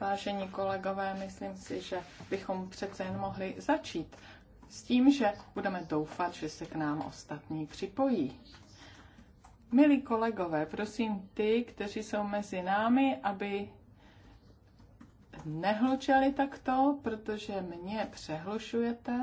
Vážení kolegové, myslím si, že bychom přece jen mohli začít s tím, že budeme doufat, že se k nám ostatní připojí. Milí kolegové, prosím ty, kteří jsou mezi námi, aby nehlučeli takto, protože mě přehlušujete.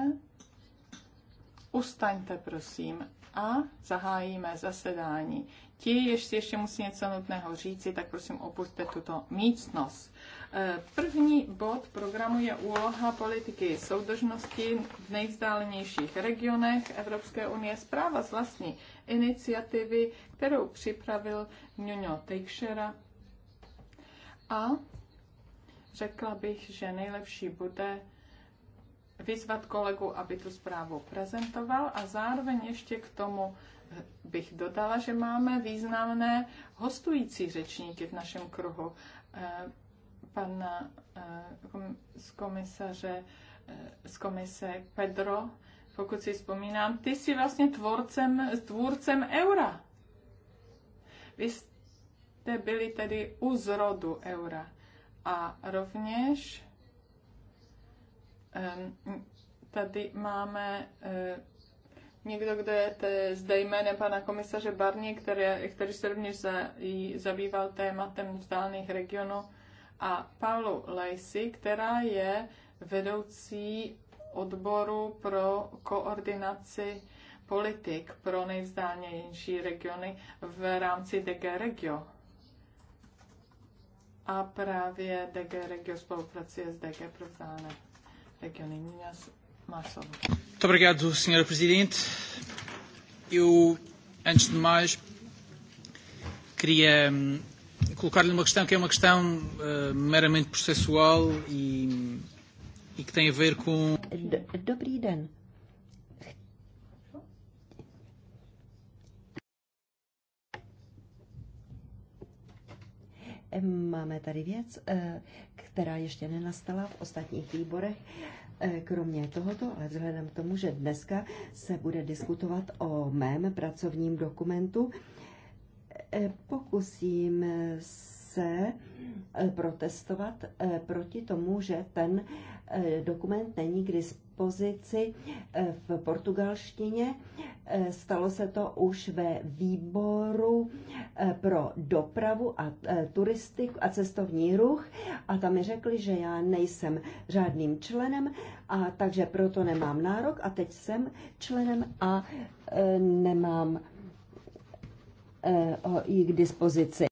Ustaňte, prosím, a zahájíme zasedání. Ti, ještě ještě musí něco nutného říci, tak prosím opuste tuto místnost. E, první bod programu je úloha politiky soudržnosti v nejvzdálenějších regionech Evropské unie. Zpráva z vlastní iniciativy, kterou připravil Nuno Teixeira. A řekla bych, že nejlepší bude vyzvat kolegu, aby tu zprávu prezentoval a zároveň ještě k tomu bych dodala, že máme významné hostující řečníky v našem kruhu. Eh, Pana eh, z komisaře eh, z komise Pedro, pokud si vzpomínám, ty jsi vlastně tvorcem, tvůrcem eura. Vy jste byli tedy u zrodu eura. A rovněž Tady máme e, někdo, kdo je zde jménem pana komisaře Barni, který, který se rovněž za, zabýval tématem vzdálených regionů, a Paulu Lacey, která je vedoucí odboru pro koordinaci politik pro nejvzdálnější regiony v rámci DG Regio. A právě DG Regio spolupracuje s DG pro vzdálené Muito obrigado, Sra. Presidente. Eu, antes de mais, queria colocar-lhe uma questão que é uma questão uh, meramente processual e, e que tem a ver com. Dobrý den. Máme tady věc, eh, která ještě nenastala v ostatních výborech. Eh, kromě tohoto, ale vzhledem k tomu, že dneska se bude diskutovat o mém pracovním dokumentu, eh, pokusím se protestovat proti tomu, že ten Eh, dokument není k dispozici eh, v portugalštině. Eh, stalo se to už ve výboru pro dopravu a turistiku a cestovní ruch a tam mi řekli, že já nejsem žádným členem a takže proto nemám nárok a teď jsem členem a nemám i k dispozici.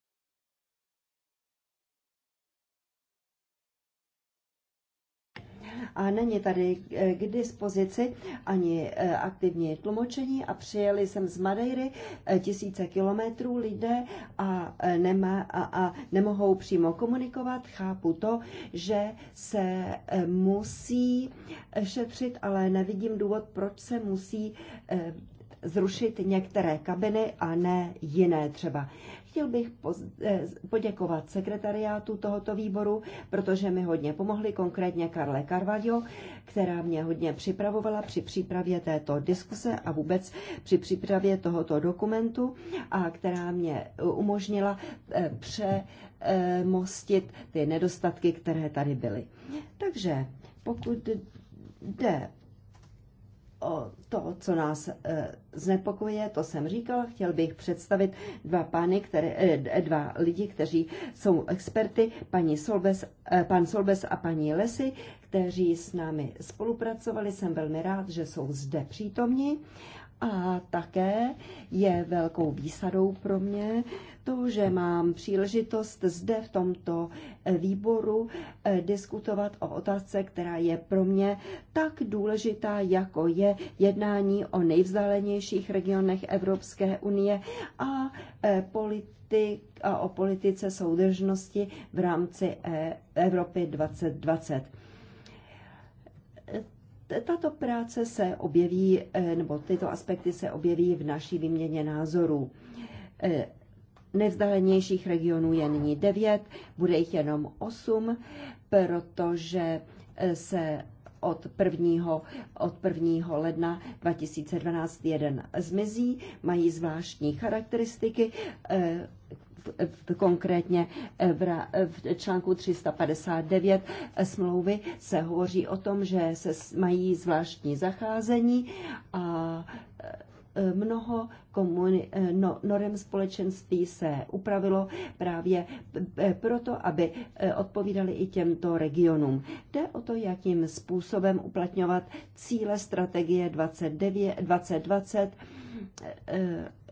a není tady eh, k dispozici ani eh, aktivní tlumočení a přijeli jsem z Madeiry eh, tisíce kilometrů lidé a, nemá, a, a nemohou přímo komunikovat. Chápu to, že se musí šetřit, ale nevidím důvod, proč se musí zrušit některé kabiny a ne jiné třeba. Chtěl bych eh, poděkovat sekretariátu tohoto výboru, protože mi hodně pomohli, konkrétně Karle Carvalho, která mě hodně připravovala při přípravě této diskuse a vůbec při přípravě tohoto dokumentu a která mě eh, umožnila eh, přemostit ty nedostatky, které tady byly. Takže pokud jde o to, co nás e, znepokuje, to jsem říkal, chtěl bych představit dva pány, které, e, dva lidi, kteří jsou experty, paní Solbes, e, pan Solbes a paní Lesy, kteří s námi spolupracovali. Jsem velmi rád, že jsou zde přítomni a také je velkou výsadou pro mě to, že mám příležitost zde v tomto eh, výboru eh, diskutovat o otázce, která je pro mě tak důležitá, jako je jednání o nejvzdálenějších regionech Evropské unie a eh, politik a o politice soudržnosti v rámci Evropy 2020. Tato práce se objeví, eh, nebo tyto aspekty se objeví v naší výměně názorů. Eh, Nevzdálenějších regionů je nyní devět, bude jich jenom osm, protože eh, se od 1. od 1. ledna 2012 jeden zmizí, mají zvláštní charakteristiky, konkrétně v článku 359 smlouvy se hovoří o tom, že se mají zvláštní zacházení a e, mnoho komuni- e, no, norem společenství se upravilo právě proto, aby e, odpovídali i těmto regionům. Jde o to, jakým způsobem uplatňovat cíle strategie 29, 2020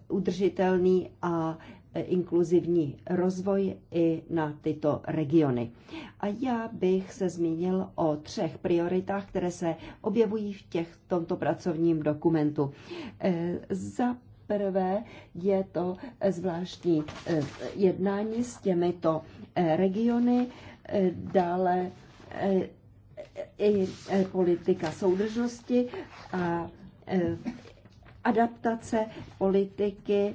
udržitelný a Eh, inkluzivní rozvoj i na tyto regiony. A já bych se zmínil o třech prioritách, které se objevují v těch, tomto pracovním dokumentu. Eh, za prvé je to eh, zvláštní jednání s těmito regiony, dále i politika soudržnosti a adaptace politiky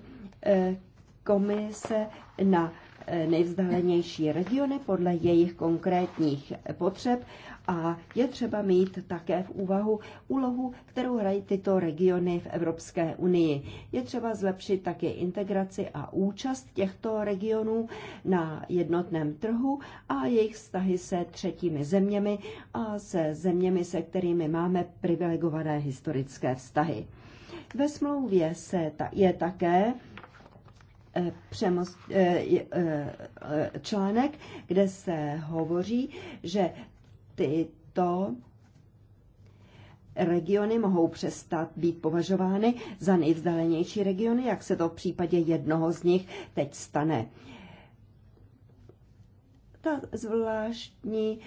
komise na e, nejvzdálenější regiony podle jejich konkrétních potřeb a je třeba mít také v úvahu úlohu, kterou hrají tyto regiony v Evropské unii. Je třeba zlepšit také integraci a účast těchto regionů na jednotném trhu a jejich vztahy se třetími zeměmi a se zeměmi, se kterými máme privilegované historické vztahy. Ve smlouvě se ta, je také Eh, eh, eh, článek, kde se hovoří, že tyto regiony mohou přestat být považovány za nejvzdálenější regiony, jak se to v případě jednoho z nich teď stane. Ta zvláštní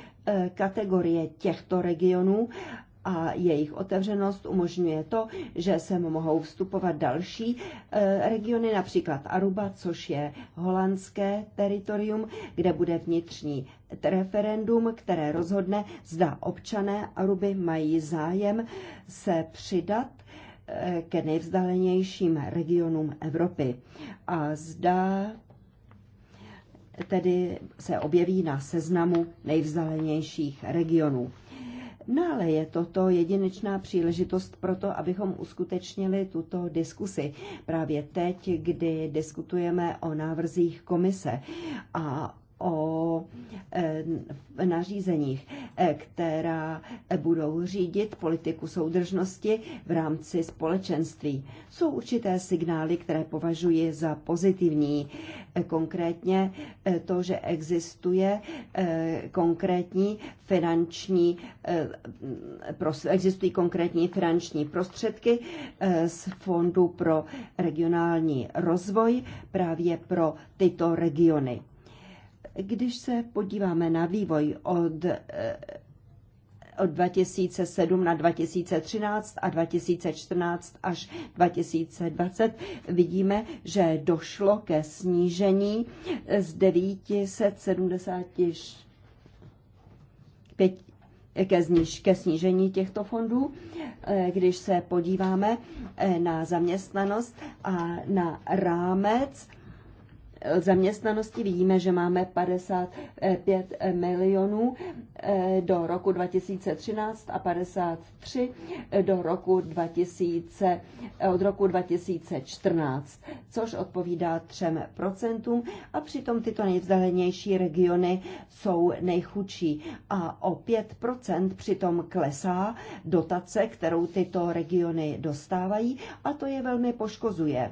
kategorie těchto regionů a jejich otevřenost umožňuje to, že sem mohou vstupovat další e, regiony, například Aruba, což je holandské teritorium, kde bude vnitřní referendum, které rozhodne, zda občané Aruby mají zájem se přidat e, ke nejvzdálenějším regionům Evropy. A zda tedy se objeví na seznamu nejvzdálenějších regionů. No ale je toto jedinečná příležitost pro to, abychom uskutečnili tuto diskusi. Právě teď, kdy diskutujeme o návrzích komise a o e, nařízeních, e, která budou řídit politiku soudržnosti v rámci společenství. Jsou určité signály, které považuji za pozitivní. E, konkrétně to, že existuje konkrétní finanční, existují konkrétní finanční prostředky z Fondu pro regionální rozvoj právě pro tyto regiony. Když se podíváme na vývoj od, eh, od 2007 na 2013 a 2014 až 2020, vidíme, že došlo ke snížení z 975 ke, zniž, ke snížení těchto fondů, eh, když se podíváme eh, na zaměstnanost a na rámec zaměstnanosti. Vidíme, že máme 55 milionů eh, do roku 2013 a 53 eh, do roku 2000, eh, od roku 2014, což odpovídá 3% a přitom tyto nejvzdálenější regiony jsou nejchudší a o 5% přitom klesá dotace, kterou tyto regiony dostávají a to je velmi poškozuje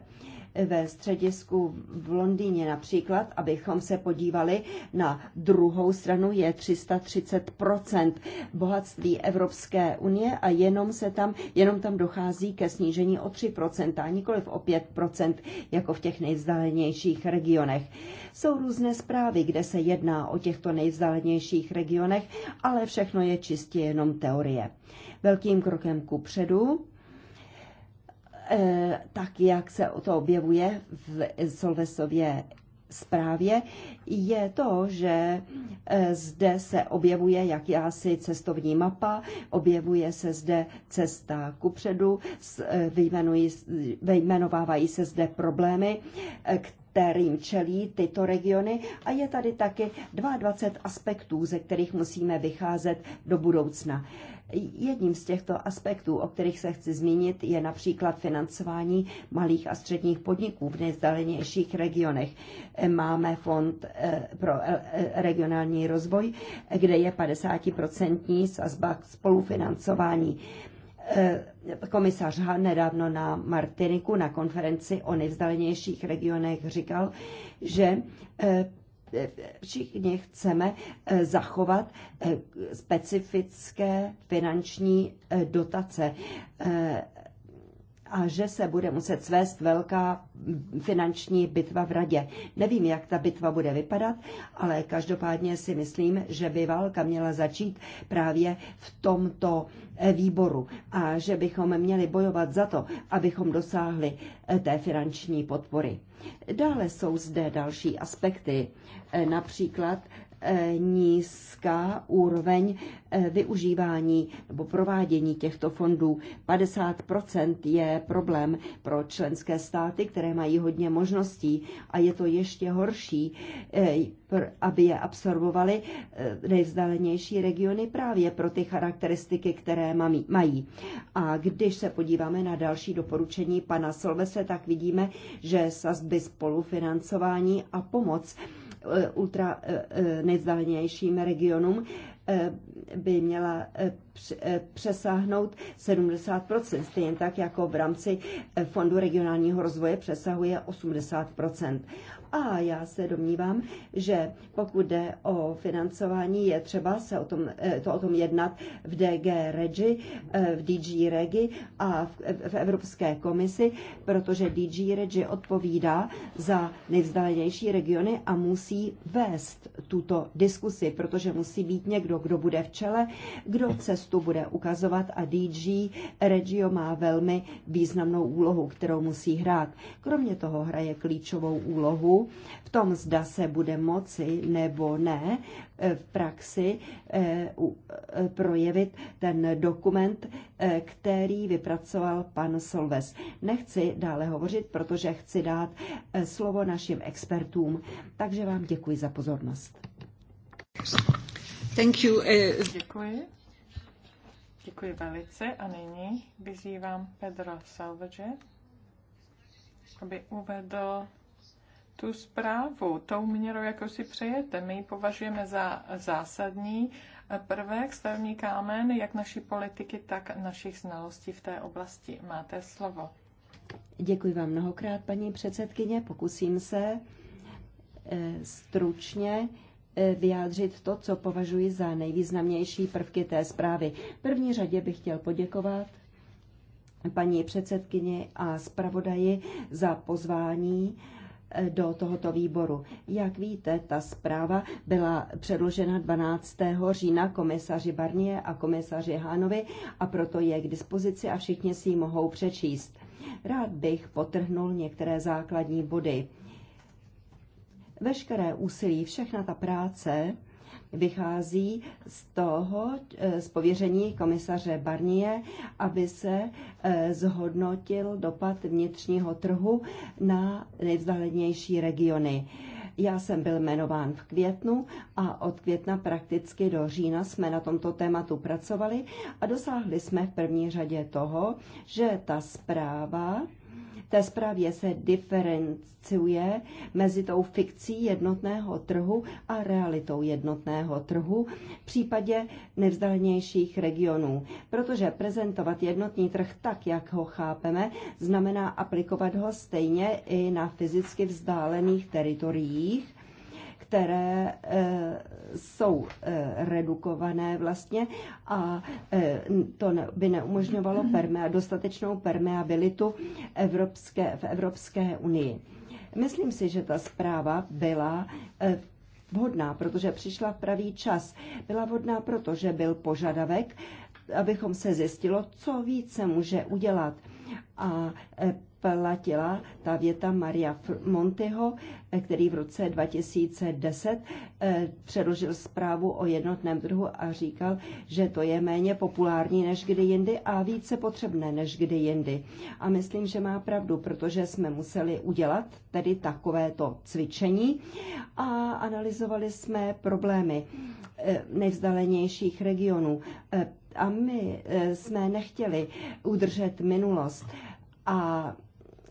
ve středisku v Londýně například, abychom se podívali na druhou stranu, je 330 bohatství Evropské unie a jenom, se tam, jenom tam dochází ke snížení o 3 a nikoliv o 5 jako v těch nejvzdálenějších regionech. Jsou různé zprávy, kde se jedná o těchto nejvzdálenějších regionech, ale všechno je čistě jenom teorie. Velkým krokem ku předu Eh, tak jak se to objevuje v Solvesově zprávě, je to, že eh, zde se objevuje jakási cestovní mapa, objevuje se zde cesta kupředu, eh, vyjmenovávají se zde problémy, kterým čelí tyto regiony a je tady taky 22 aspektů, ze kterých musíme vycházet do budoucna. Jedním z těchto aspektů, o kterých se chci zmínit, je například financování malých a středních podniků v nejzdalenějších regionech. Máme fond eh, pro eh, eh, regionální rozvoj, kde je 50% sazba spolufinancování komisař Han nedávno na Martiniku na konferenci o nejvzdálenějších regionech říkal, že všichni chceme eh, zachovat eh, specifické finanční eh, dotace a že se bude muset svést velká finanční bitva v radě. Nevím, jak ta bitva bude vypadat, ale každopádně si myslím, že by válka měla začít právě v tomto eh, výboru a že bychom měli bojovat za to, abychom dosáhli eh, té finanční podpory. Dále jsou zde další aspekty, eh, například nízká úroveň eh, využívání nebo provádění těchto fondů. 50 je problém pro členské státy, které mají hodně možností a je to ještě horší, eh, aby je absorbovaly eh, nejvzdálenější regiony právě pro ty charakteristiky, které mají. A když se podíváme na další doporučení pana Solvese, tak vidíme, že sazby spolufinancování a pomoc ultra eh, eh, nejvzdálenějším regionům eh, by měla přesáhnout 70 stejně tak jako v rámci Fondu regionálního rozvoje přesahuje 80 a já se domnívám, že pokud jde o financování, je třeba se o tom, eh, to o tom jednat v DG Regi, eh, v DG Regi a v, v Evropské komisi, protože DG Regi odpovídá za nejvzdálenější regiony a musí vést tuto diskusi, protože musí být někdo, kdo bude v čele, kdo cestu bude ukazovat a DG Regio má velmi významnou úlohu, kterou musí hrát. Kromě toho hraje klíčovou úlohu v tom, zda se bude moci nebo ne eh, v praxi eh, eh, projevit ten dokument, který vypracoval pan Solves. Nechci dále hovořit, protože chci dát slovo našim expertům, takže vám děkuji za pozornost. Thank you. Děkuji. Děkuji velice a nyní vyzývám Pedro Salvage, aby uvedl tu zprávu tou měrou, jako si přejete. My ji považujeme za zásadní prvek, stavební kámen, jak naší politiky, tak našich znalostí v té oblasti. Máte slovo. Děkuji vám mnohokrát, paní předsedkyně. Pokusím se eh, stručně eh, vyjádřit to, co považuji za nejvýznamnější prvky té zprávy. V první řadě bych chtěl poděkovat paní předsedkyni a zpravodaji za pozvání do tohoto výboru. Jak víte, ta zpráva byla předložena 12. října komisaři Barnie a komisaři Hánovi a proto je k dispozici a všichni si ji mohou přečíst. Rád bych potrhnul některé základní body. Veškeré úsilí, všechna ta práce, vychází z toho, e, z pověření komisaře Barnie, aby se e, zhodnotil dopad vnitřního trhu na nejvzdálenější regiony. Já jsem byl jmenován v květnu a od května prakticky do října jsme na tomto tématu pracovali a dosáhli jsme v první řadě toho, že ta zpráva té zprávě se diferenciuje mezi tou fikcí jednotného trhu a realitou jednotného trhu v případě nevzdálenějších regionů. Protože prezentovat jednotný trh tak, jak ho chápeme, znamená aplikovat ho stejně i na fyzicky vzdálených teritoriích, které eh, jsou eh, redukované vlastně a eh, to by neumožňovalo permea, dostatečnou permeabilitu Evropské, v Evropské unii. Myslím si, že ta zpráva byla vhodná, protože přišla v pravý čas. Byla vhodná, protože byl požadavek, abychom se zjistilo, co více může udělat. A platila ta věta Maria Monteho, eh, který v roce 2010 eh, předložil zprávu o jednotném trhu a říkal, že to je méně populární než kdy jindy a více potřebné než kdy jindy. A myslím, že má pravdu, protože jsme museli udělat tedy takovéto cvičení a analyzovali jsme problémy eh, nejvzdalenějších regionů. A my jsme nechtěli udržet minulost a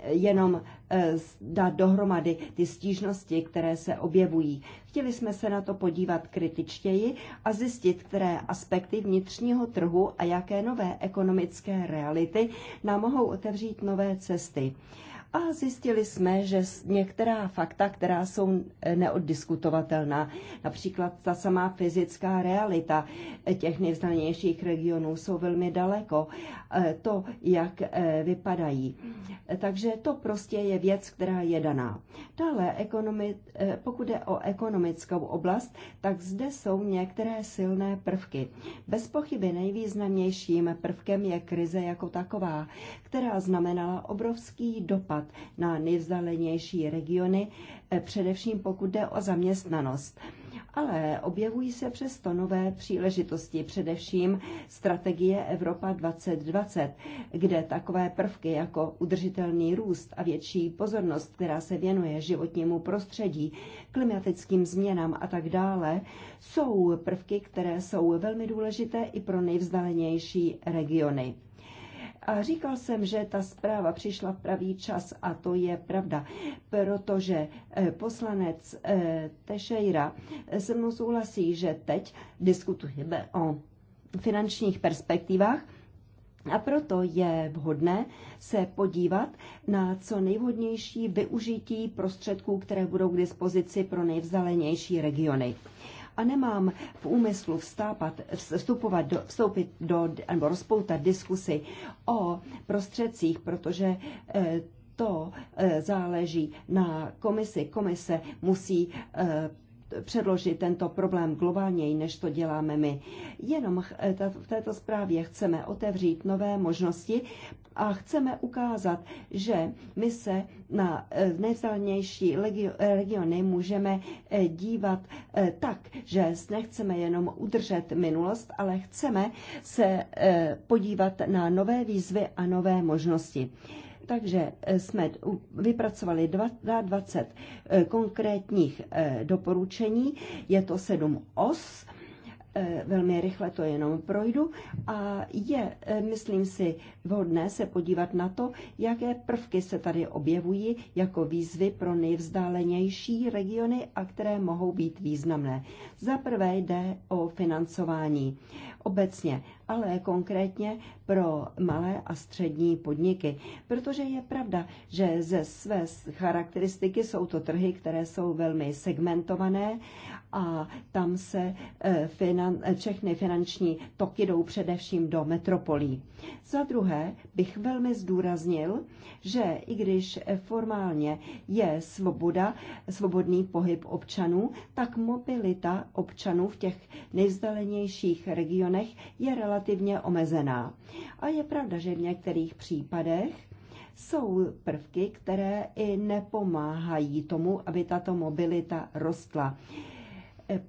jenom eh, dát dohromady ty stížnosti, které se objevují. Chtěli jsme se na to podívat kritičtěji a zjistit, které aspekty vnitřního trhu a jaké nové ekonomické reality nám mohou otevřít nové cesty a zjistili jsme, že některá fakta, která jsou eh, neoddiskutovatelná, například ta samá fyzická realita eh, těch nejvzdálenějších regionů jsou velmi daleko, eh, to, jak vypadají. Takže to prostě je věc, která je daná. Dále, ekonomi, eh, pokud jde o ekonomickou oblast, tak zde jsou některé silné prvky. Bez pochyby nejvýznamnějším prvkem je krize jako taková, která znamenala obrovský dopad na nejvzdálenější regiony, eh, především pokud jde o zaměstnanost ale objevují se přesto nové příležitosti, především strategie Evropa 2020, kde takové prvky jako udržitelný růst a větší pozornost, která se věnuje životnímu prostředí, klimatickým změnám a tak dále, jsou prvky, které jsou velmi důležité i pro nejvzdálenější regiony. A říkal jsem, že ta zpráva přišla v pravý čas a to je pravda, protože eh, poslanec eh, Tešejra eh, se mnou souhlasí, že teď diskutujeme o finančních perspektivách, a proto je vhodné se podívat na co nejvhodnější využití prostředků, které budou k dispozici pro nejvzdálenější regiony a nemám v úmyslu vstápat, vstupovat do, vstoupit do, nebo rozpoutat diskusy o prostředcích, protože eh, to eh, záleží na komisi. Komise musí eh, předložit tento problém globálněji, než to děláme my. Jenom eh, v této zprávě chceme otevřít nové možnosti a chceme ukázat, že my se na eh, nejvzdálnější eh, regiony můžeme dívat tak, že nechceme jenom udržet minulost, ale chceme se podívat na nové výzvy a nové možnosti. Takže eh, jsme vypracovali 20 eh, konkrétních eh, doporučení, je to sedm os, velmi rychle to jenom projdu a je, myslím si, vhodné se podívat na to, jaké prvky se tady objevují jako výzvy pro nejvzdálenější regiony a které mohou být významné. Za prvé jde o financování obecně, ale konkrétně pro malé a střední podniky. Protože je pravda, že ze své charakteristiky jsou to trhy, které jsou velmi segmentované a tam se eh, finan, všechny finanční toky jdou především do metropolí. Za druhé bych velmi zdůraznil, že i když formálně je svoboda, svobodný pohyb občanů, tak mobilita občanů v těch nejvzdálenějších regionech regionech je relativně omezená. A je pravda, že v některých případech jsou prvky, které i nepomáhají tomu, aby tato mobilita rostla. E,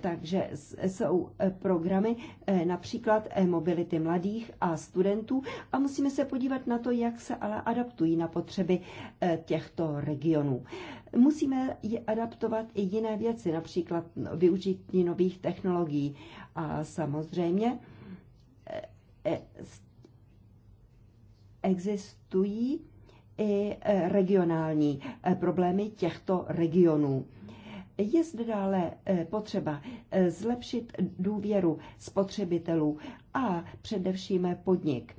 takže jsou e, programy e, například mobility mladých a studentů a musíme se podívat na to, jak se ale adaptují na potřeby těchto regionů musíme adaptovat i jiné věci, například využití nových technologií. A samozřejmě eh, eh, existují i eh, regionální problémy těchto regionů. Je zde dále potřeba zlepšit důvěru spotřebitelů a především podnik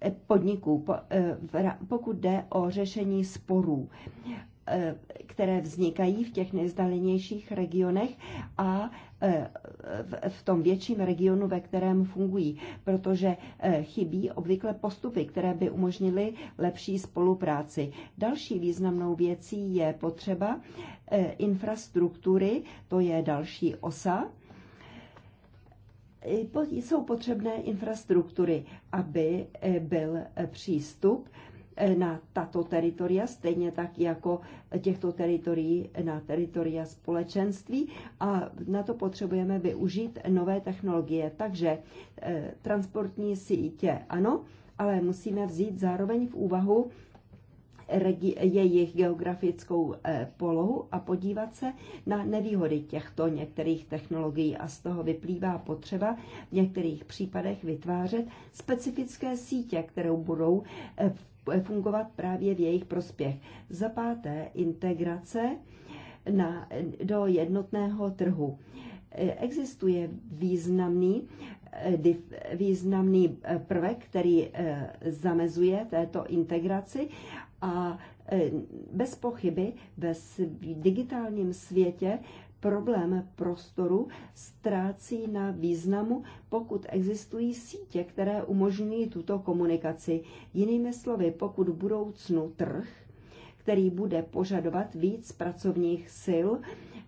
Eh, podniků, eh, pokud jde o řešení sporů, eh, které vznikají v těch nejzdalenějších regionech a v tom větším regionu, ve kterém fungují, protože chybí obvykle postupy, které by umožnily lepší spolupráci. Další významnou věcí je potřeba infrastruktury, to je další osa, jsou potřebné infrastruktury, aby eh, byl eh, přístup eh, na tato teritoria, stejně tak jako těchto teritorií na teritoria společenství a na to potřebujeme využít nové technologie. Takže transportní sítě ano, ale musíme vzít zároveň v úvahu jejich geografickou eh, polohu a podívat se na nevýhody těchto některých technologií a z toho vyplývá potřeba v některých případech vytvářet specifické sítě, kterou budou eh, fungovat právě v jejich prospěch. Za páté, integrace na, do jednotného trhu. Eh, existuje významný, významný prvek, který zamezuje této integraci a e, bez pochyby ve digitálním světě problém prostoru ztrácí na významu, pokud existují sítě, které umožňují tuto komunikaci. Jinými slovy, pokud v budoucnu trh, který bude požadovat víc pracovních sil,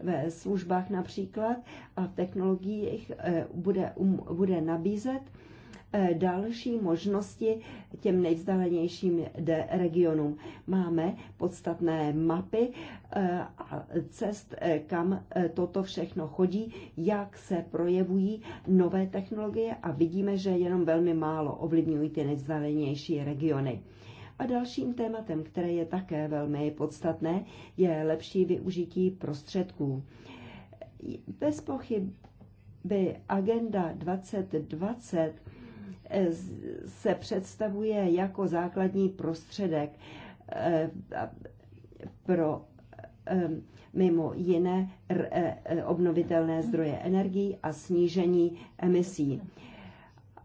ve službách například a v technologiích e, bude, um, bude nabízet Eh, další možnosti těm nejvzdálenějším regionům. Máme podstatné mapy eh, a cest, eh, kam toto všechno chodí, jak se projevují nové technologie a vidíme, že jenom velmi málo ovlivňují ty nejvzdálenější regiony. A dalším tématem, které je také velmi podstatné, je lepší využití prostředků. Bez pochyb by Agenda 2020 se představuje jako základní prostředek eh, pro eh, mimo jiné eh, obnovitelné zdroje energií a snížení emisí.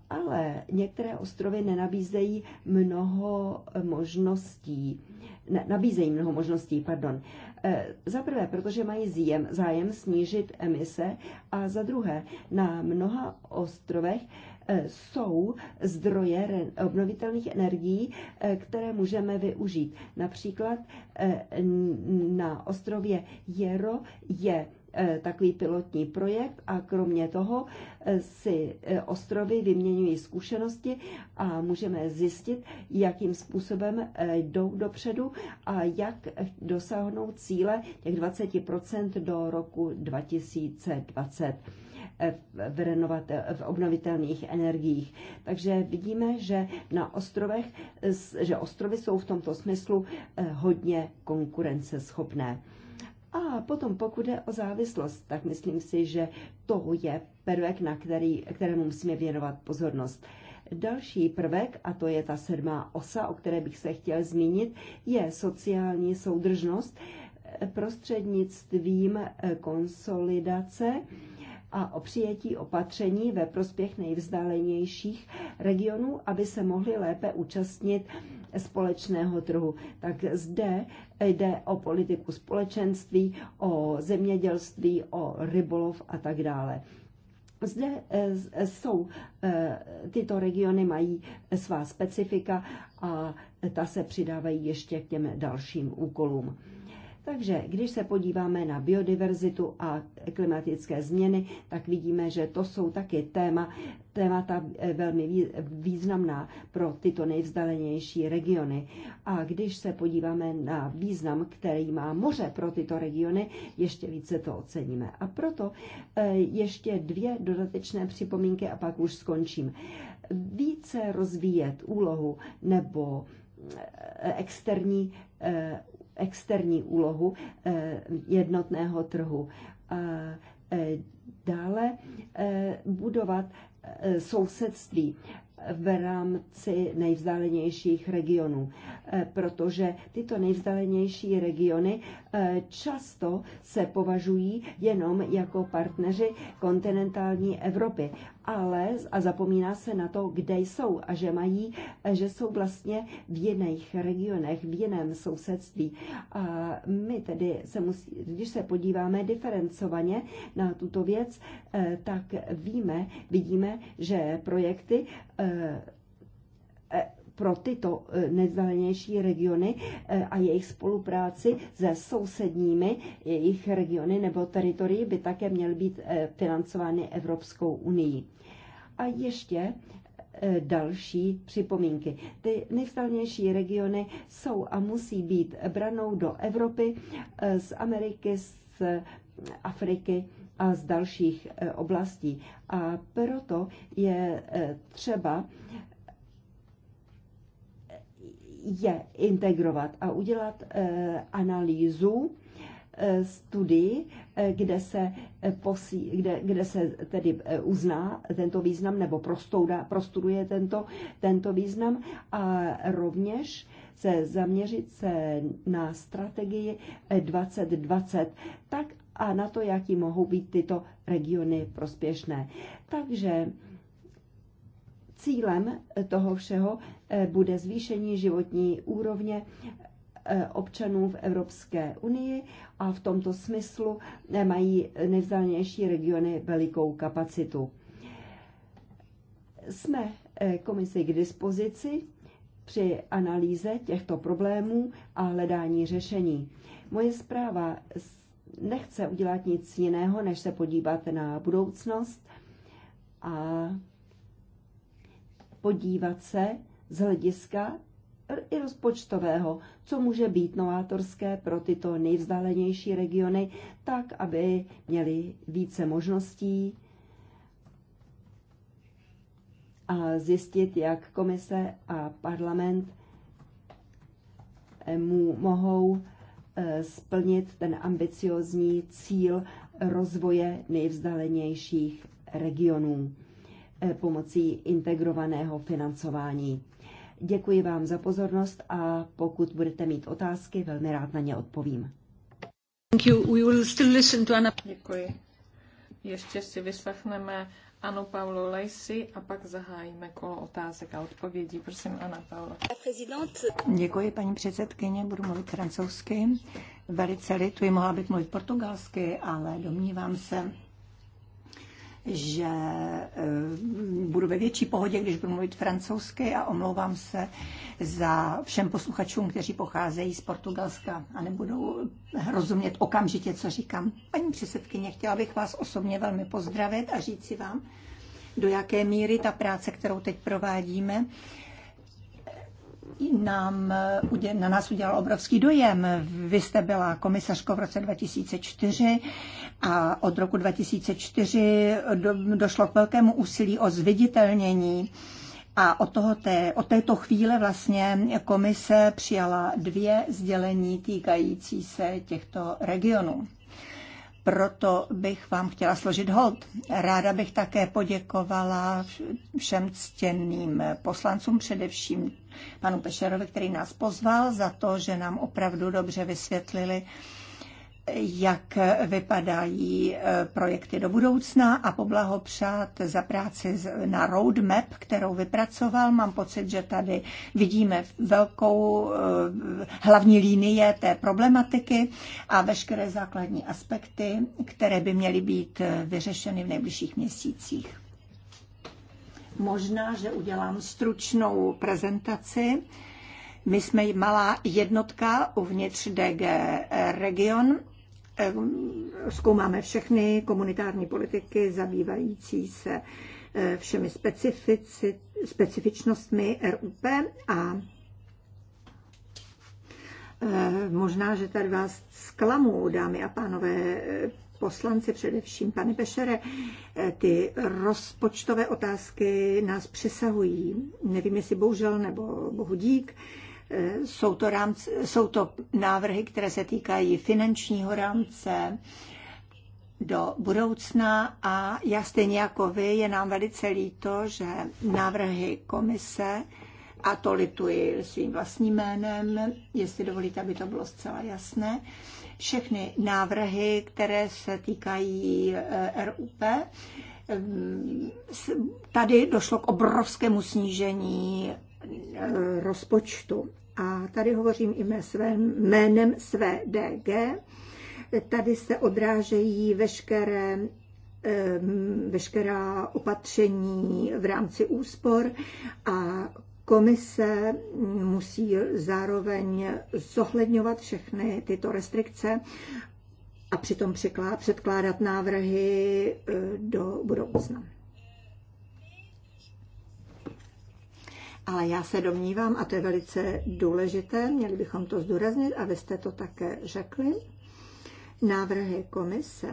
Ale některé ostrovy nenabízejí mnoho možností. Ne, nabízejí mnoho možností, pardon. Za prvé, protože mají zjem, zájem snížit emise a za druhé, na mnoha ostrovech Eh, jsou zdroje obnovitelných energií, eh, které můžeme využít. Například eh, na ostrově Jero je takový pilotní projekt a kromě toho si ostrovy vyměňují zkušenosti a můžeme zjistit, jakým způsobem jdou dopředu a jak dosáhnout cíle těch 20% do roku 2020 v, renovatel, v obnovitelných energiích. Takže vidíme, že na ostrovech, že ostrovy jsou v tomto smyslu eh, hodně konkurenceschopné. A potom, pokud je o závislost, tak myslím si, že to je prvek, na který, kterému musíme věnovat pozornost. Další prvek, a to je ta sedmá osa, o které bych se chtěl zmínit, je sociální soudržnost eh, prostřednictvím eh, konsolidace a o přijetí opatření ve prospěch nejvzdálenějších regionů, aby se mohli lépe účastnit společného trhu. Tak zde jde o politiku společenství, o zemědělství, o rybolov a tak dále. Zde eh, eh, jsou, eh, tyto regiony mají svá specifika a ta se přidávají ještě k těm dalším úkolům. Takže když se podíváme na biodiverzitu a klimatické změny, tak vidíme, že to jsou taky téma, témata eh, velmi významná pro tyto nejvzdálenější regiony. A když se podíváme na význam, který má moře pro tyto regiony, ještě více to oceníme. A proto eh, ještě dvě dodatečné připomínky a pak už skončím. Více rozvíjet úlohu nebo eh, externí externí úlohu eh, jednotného trhu. Eh, dále eh, budovat sousedství v rámci nejvzdálenějších regionů, protože tyto nejvzdálenější regiony často se považují jenom jako partneři kontinentální Evropy, ale a zapomíná se na to, kde jsou a že mají, e, že jsou vlastně v jiných regionech, v jiném sousedství. A my tedy se musí, když se podíváme diferencovaně na tuto věc, e, tak víme, vidíme, že projekty e, pro tyto nejvzdálenější regiony a jejich spolupráci se sousedními jejich regiony nebo teritorií by také měly být financovány Evropskou unii. A ještě eh, další připomínky. Ty nejstavnější regiony jsou a musí být branou do Evropy, eh, z Ameriky, z eh, Afriky a z dalších oblastí. A proto je třeba je integrovat a udělat analýzu Eh, studii, eh, kde se, eh, posí, kde, kde se tedy uzná tento význam nebo prostouda, prostuduje tento, tento význam a rovněž se zaměřit se na strategii 2020, tak a na to, jaký mohou být tyto regiony prospěšné. Takže cílem toho všeho bude zvýšení životní úrovně Eh, občanů v Evropské unii a v tomto smyslu eh, mají nejvzdálenější regiony velikou kapacitu. Jsme eh, komisi k dispozici při analýze těchto problémů a hledání řešení. Moje zpráva nechce udělat nic jiného, než se podívat na budoucnost a podívat se z hlediska i rozpočtového, co může být novátorské pro tyto nejvzdálenější regiony, tak aby měli více možností a zjistit, jak komise a parlament eh, mu mohou eh, splnit ten ambiciozní cíl rozvoje nejvzdálenějších regionů eh, pomocí integrovaného financování. Děkuji vám za pozornost a pokud budete mít otázky, velmi rád na ně odpovím. Děkuji. Ještě si vyslechneme Anu Paulo Lacey a pak zahájíme kolo otázek a odpovědí. Prosím, Ana Paula. Děkuji, paní předsedkyně, budu mluvit francouzsky. Velice lituji, mohla bych mluvit portugalsky, ale domnívám se, že eh, budu ve větší pohodě, když budu mluvit francouzsky a omlouvám se za všem posluchačům, kteří pocházejí z Portugalska a nebudou rozumět okamžitě, co říkám. Paní předsedkyně, chtěla bych vás osobně velmi pozdravit a říct si vám, do jaké míry ta práce, kterou teď provádíme, nám, eh, na nás udělal obrovský dojem. Vy jste byla komisařkou v roce 2004 a od roku 2004 došlo k velkému úsilí o zviditelnění a od, toho té, od této chvíle vlastně komise přijala dvě sdělení týkající se těchto regionů. Proto bych vám chtěla složit hold. Ráda bych také poděkovala všem ctěným poslancům, především panu Pešerovi, který nás pozval, za to, že nám opravdu dobře vysvětlili, jak vypadají e, projekty do budoucna a poblahopřát za práci na roadmap, kterou vypracoval. Mám pocit, že tady vidíme velkou e, hlavní linie té problematiky a veškeré základní aspekty, které by měly být e, vyřešeny v nejbližších měsících. Možná, že udělám stručnou prezentaci. My jsme malá jednotka uvnitř DG Region. Ehm, zkoumáme všechny komunitární politiky zabývající se ehm, všemi specifici, specifičnostmi RUP a ehm, možná, že tady vás zklamu, dámy a pánové, poslanci, především pane Bešere, eh, ty rozpočtové otázky nás přesahují. Nevím, jestli bohužel nebo bohu dík. Eh, jsou to, rámce, jsou to návrhy, které se týkají finančního rámce do budoucna a já stejně jako vy je nám velice líto, že návrhy komise a to lituji svým vlastním jménem, jestli dovolíte, aby to bylo zcela jasné, všechny návrhy, které se týkají eh, RUP. Tady došlo k obrovskému snížení eh, rozpočtu. A tady hovořím i mé svém, jménem své DG. Tady se odrážejí veškeré eh, veškerá opatření v rámci úspor a Komise musí zároveň zohledňovat všechny tyto restrikce a přitom předkládat návrhy eh, do budoucna. Ale já se domnívám, a to je velice důležité, měli bychom to zdůraznit, a vy jste to také řekli, návrhy komise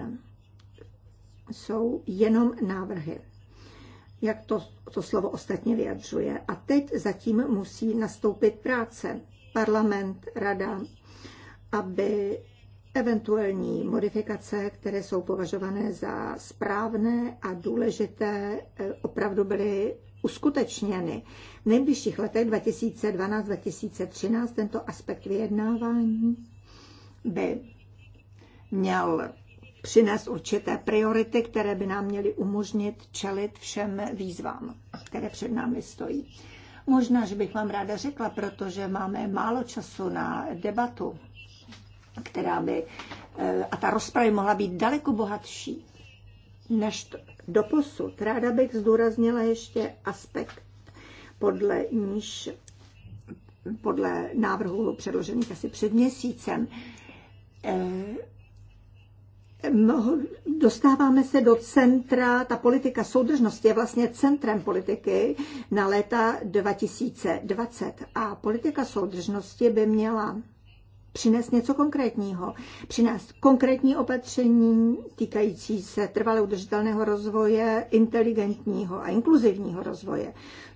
jsou jenom návrhy jak to, to slovo ostatně vyjadřuje. A teď zatím musí nastoupit práce. Parlament, rada, aby eventuální modifikace, které jsou považované za správné a důležité, eh, opravdu byly uskutečněny. V nejbližších letech 2012-2013 tento aspekt vyjednávání by měl přinést určité priority, které by nám měly umožnit čelit všem výzvám, které před námi stojí. Možná, že bych vám ráda řekla, protože máme málo času na debatu, která by, eh, a ta rozprava mohla být daleko bohatší než do posud. Ráda bych zdůraznila ještě aspekt, podle níž, podle návrhu předložených asi před měsícem, eh, dostáváme se do centra, ta politika soudržnosti je vlastně centrem politiky na léta 2020. A politika soudržnosti by měla přinést něco konkrétního, přinést konkrétní opatření týkající se trvale udržitelného rozvoje, inteligentního a inkluzivního rozvoje.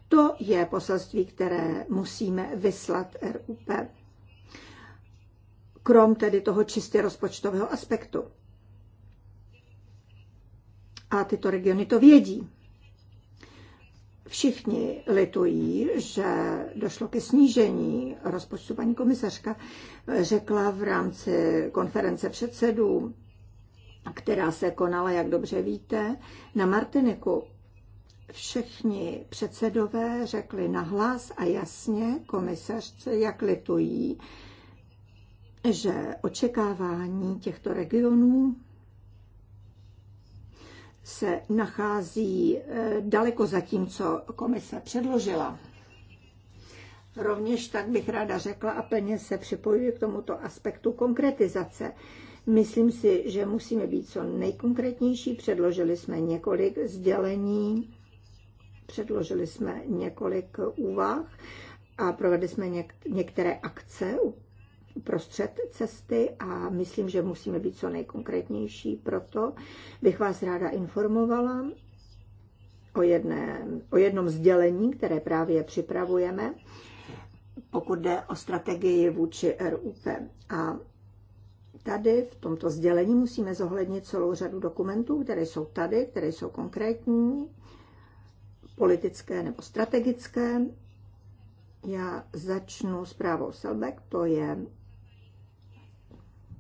To je poselství, které musíme vyslat RUP. Krom tedy toho čistě rozpočtového aspektu a tyto regiony to vědí. Všichni litují, že došlo ke snížení rozpočtu. Paní komisařka řekla v rámci konference předsedů, která se konala, jak dobře víte, na Martiniku. Všichni předsedové řekli nahlas a jasně komisařce, jak litují, že očekávání těchto regionů se nachází eh, daleko za tím, co komise předložila. Rovněž tak bych ráda řekla a plně se připojuji k tomuto aspektu konkretizace. Myslím si, že musíme být co nejkonkrétnější. Předložili jsme několik sdělení, předložili jsme několik úvah a provedli jsme některé akce uprostřed cesty a myslím, že musíme být co nejkonkrétnější. Proto bych vás ráda informovala o, jedné, o jednom sdělení, které právě připravujeme, pokud jde o strategii vůči RUP. A tady v tomto sdělení musíme zohlednit celou řadu dokumentů, které jsou tady, které jsou konkrétní, politické nebo strategické. Já začnu zprávou Selbek, to je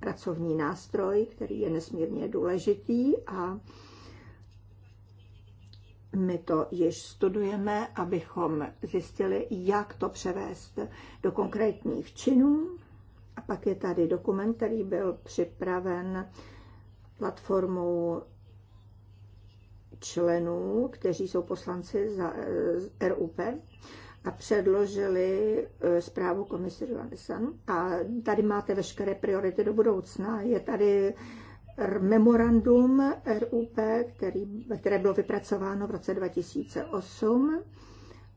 pracovní nástroj, který je nesmírně důležitý a my to již studujeme, abychom zjistili, jak to převést do konkrétních činů. A pak je tady dokument, který byl připraven platformou členů, kteří jsou poslanci za eh, RUP a předložili e, zprávu komisi Johansson. A tady máte veškeré priority do budoucna. Je tady memorandum RUP, který, které bylo vypracováno v roce 2008,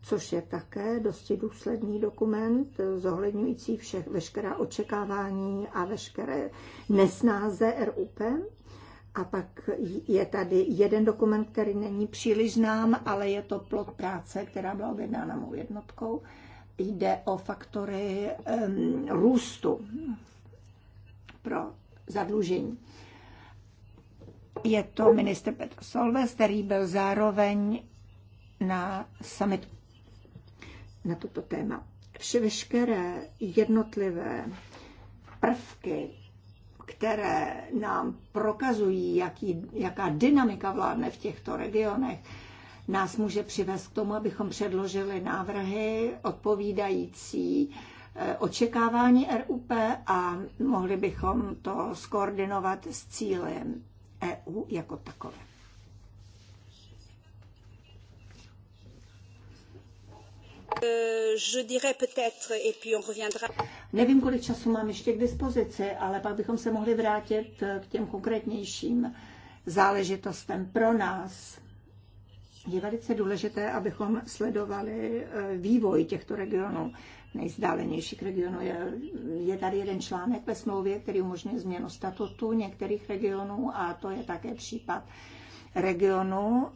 což je také dosti důsledný dokument, zohledňující všech, veškerá očekávání a veškeré nesnáze RUP. A pak je tady jeden dokument, který není příliš znám, ale je to plot práce, která byla objednána mou jednotkou. Jde o faktory um, růstu pro zadlužení. Je to minister Petr Solves, který byl zároveň na summit na toto téma. Vše veškeré jednotlivé prvky které nám prokazují, jaký, jaká dynamika vládne v těchto regionech, nás může přivést k tomu, abychom předložili návrhy odpovídající eh, očekávání RUP a mohli bychom to skoordinovat s cílem EU jako takové. Euh, Nevím, kolik času mám ještě k dispozici, ale pak bychom se mohli vrátit eh, k těm konkrétnějším záležitostem pro nás. Je velice důležité, abychom sledovali eh, vývoj těchto regionů. Nejzdálenějších regionů je, je tady jeden článek ve smlouvě, který umožňuje změnu statutu některých regionů a to je také případ regionu,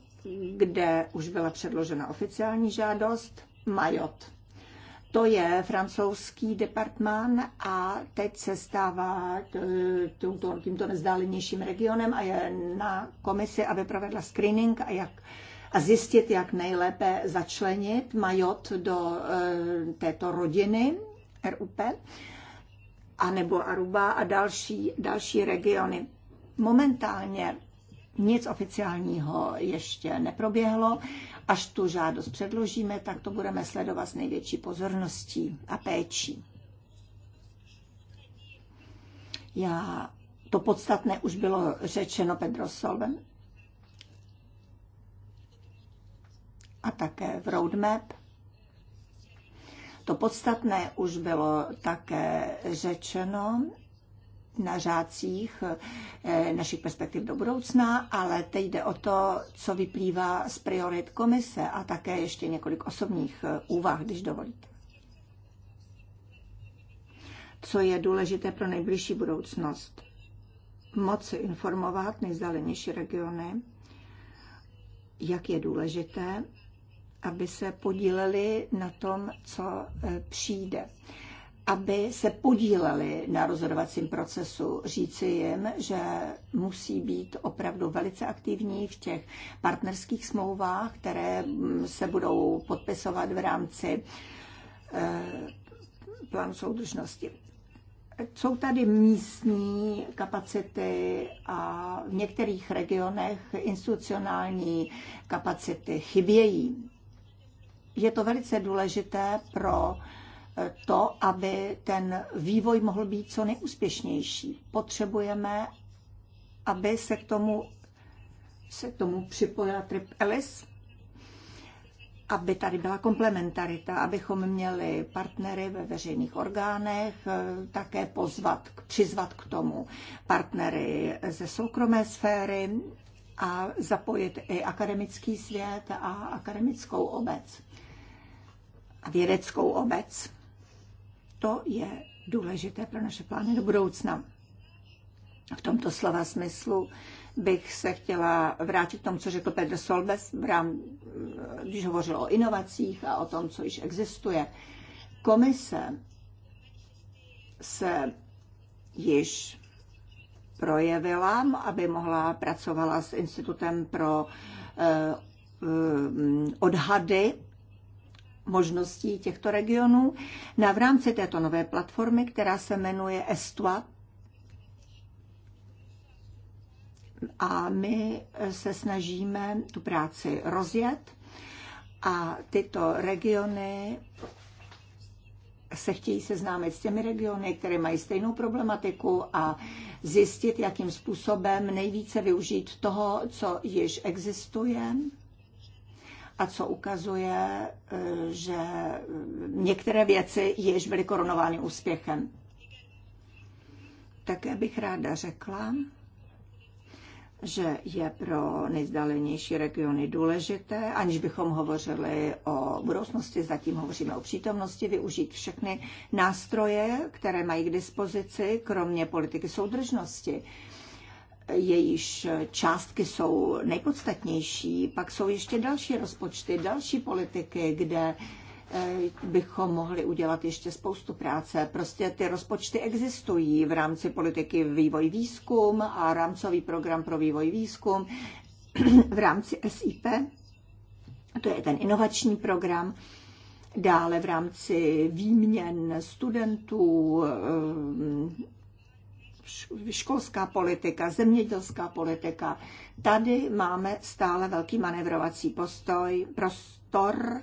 kde už byla předložena oficiální žádost Majot. To je francouzský departmán a teď se stává tímto, nezdálenějším regionem a je na komisi, aby provedla screening a jak a zjistit, jak nejlépe začlenit Majot do e, této rodiny RUP, a nebo Aruba a další, další regiony. Momentálně nic oficiálního ještě neproběhlo. E, Až tu žádost předložíme, tak to budeme sledovat s největší pozorností a péčí. Já, to podstatné už bylo řečeno Pedro Solvem a také v roadmap. To podstatné už bylo také řečeno na řádcích eh, našich perspektiv do budoucna, ale teď jde o to, co vyplývá z priorit komise a také ještě několik osobních eh, úvah, když dovolíte. Co je důležité pro nejbližší budoucnost? Moci informovat nejzdálenější regiony, jak je důležité, aby se podíleli na tom, co eh, přijde aby se podíleli na rozhodovacím procesu. Říci jim, že musí být opravdu velice aktivní v těch partnerských smlouvách, které mm, se budou podpisovat v rámci eh, plánu soudržnosti. Jsou tady místní kapacity a v některých regionech institucionální kapacity chybějí. Je to velice důležité pro uh, to, aby ten vývoj mohl být co nejúspěšnější. Potřebujeme, aby se k tomu, se k tomu připojila Trip Ellis, aby tady byla komplementarita, abychom měli partnery ve veřejných orgánech, eh, také pozvat, přizvat k tomu partnery ze soukromé sféry a zapojit i akademický svět a akademickou obec a vědeckou obec to je důležité pro naše plány do budoucna. V tomto slova smyslu bych se chtěla vrátit k tomu, co řekl Pedro Solbes, když hovořil o inovacích a o tom, co již existuje. Komise se již projevila, aby mohla pracovala s Institutem pro eh, eh, odhady možností těchto regionů. Na no v rámci této nové platformy, která se jmenuje Estua, a my se snažíme tu práci rozjet a tyto regiony se chtějí seznámit s těmi regiony, které mají stejnou problematiku a zjistit, jakým způsobem nejvíce využít toho, co již existuje a co ukazuje, eh, že eh, některé věci již byly koronovány úspěchem. Také bych ráda řekla, že je pro nejzdálenější regiony důležité, aniž bychom hovořili o budoucnosti, zatím hovoříme o přítomnosti, využít všechny nástroje, které mají k dispozici, kromě politiky soudržnosti jejíž částky jsou nejpodstatnější, pak jsou ještě další rozpočty, další politiky, kde eh, bychom mohli udělat ještě spoustu práce. Prostě ty rozpočty existují v rámci politiky vývoj výzkum a rámcový program pro vývoj výzkum v rámci SIP, to je ten inovační program, dále v rámci výměn studentů, školská politika, zemědělská politika. Tady máme stále velký manevrovací postoj, prostor.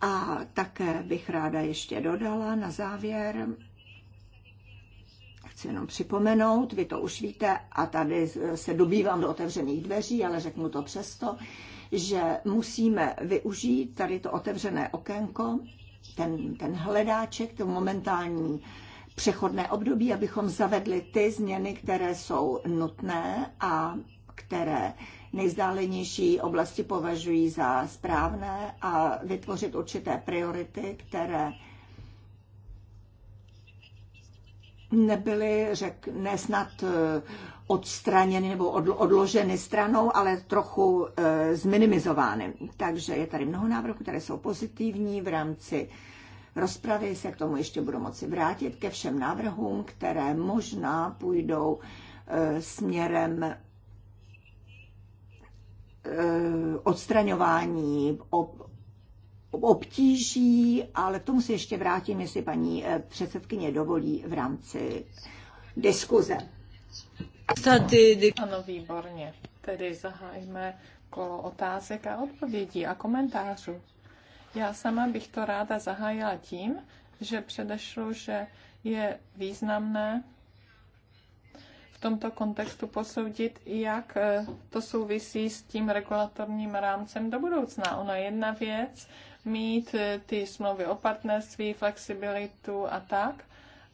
A také bych ráda ještě dodala na závěr, chci jenom připomenout, vy to už víte, a tady se dobývám do otevřených dveří, ale řeknu to přesto, že musíme využít tady to otevřené okénko, ten, ten hledáček, ten momentální přechodné období, abychom zavedli ty změny, které jsou nutné a které nejzdálenější oblasti považují za správné a vytvořit určité priority, které nebyly, řek, nesnad eh, odstraněny nebo odloženy stranou, ale trochu e, zminimizovány. Takže je tady mnoho návrhů, které jsou pozitivní v rámci rozpravy se k tomu ještě budu moci vrátit ke všem návrhům, které možná půjdou e, směrem e, odstraňování obtíží, ale k tomu se ještě vrátím, jestli paní e, předsedkyně dovolí v rámci diskuze. Ano, výborně. Tedy zahájíme kolo otázek a odpovědí a komentářů. Já sama bych to ráda zahájila tím, že předešlu, že je významné v tomto kontextu posoudit, jak eh, to souvisí s tím regulatorním rámcem do budoucna. Ona jedna věc, mít eh, ty smlouvy o partnerství, flexibilitu a tak,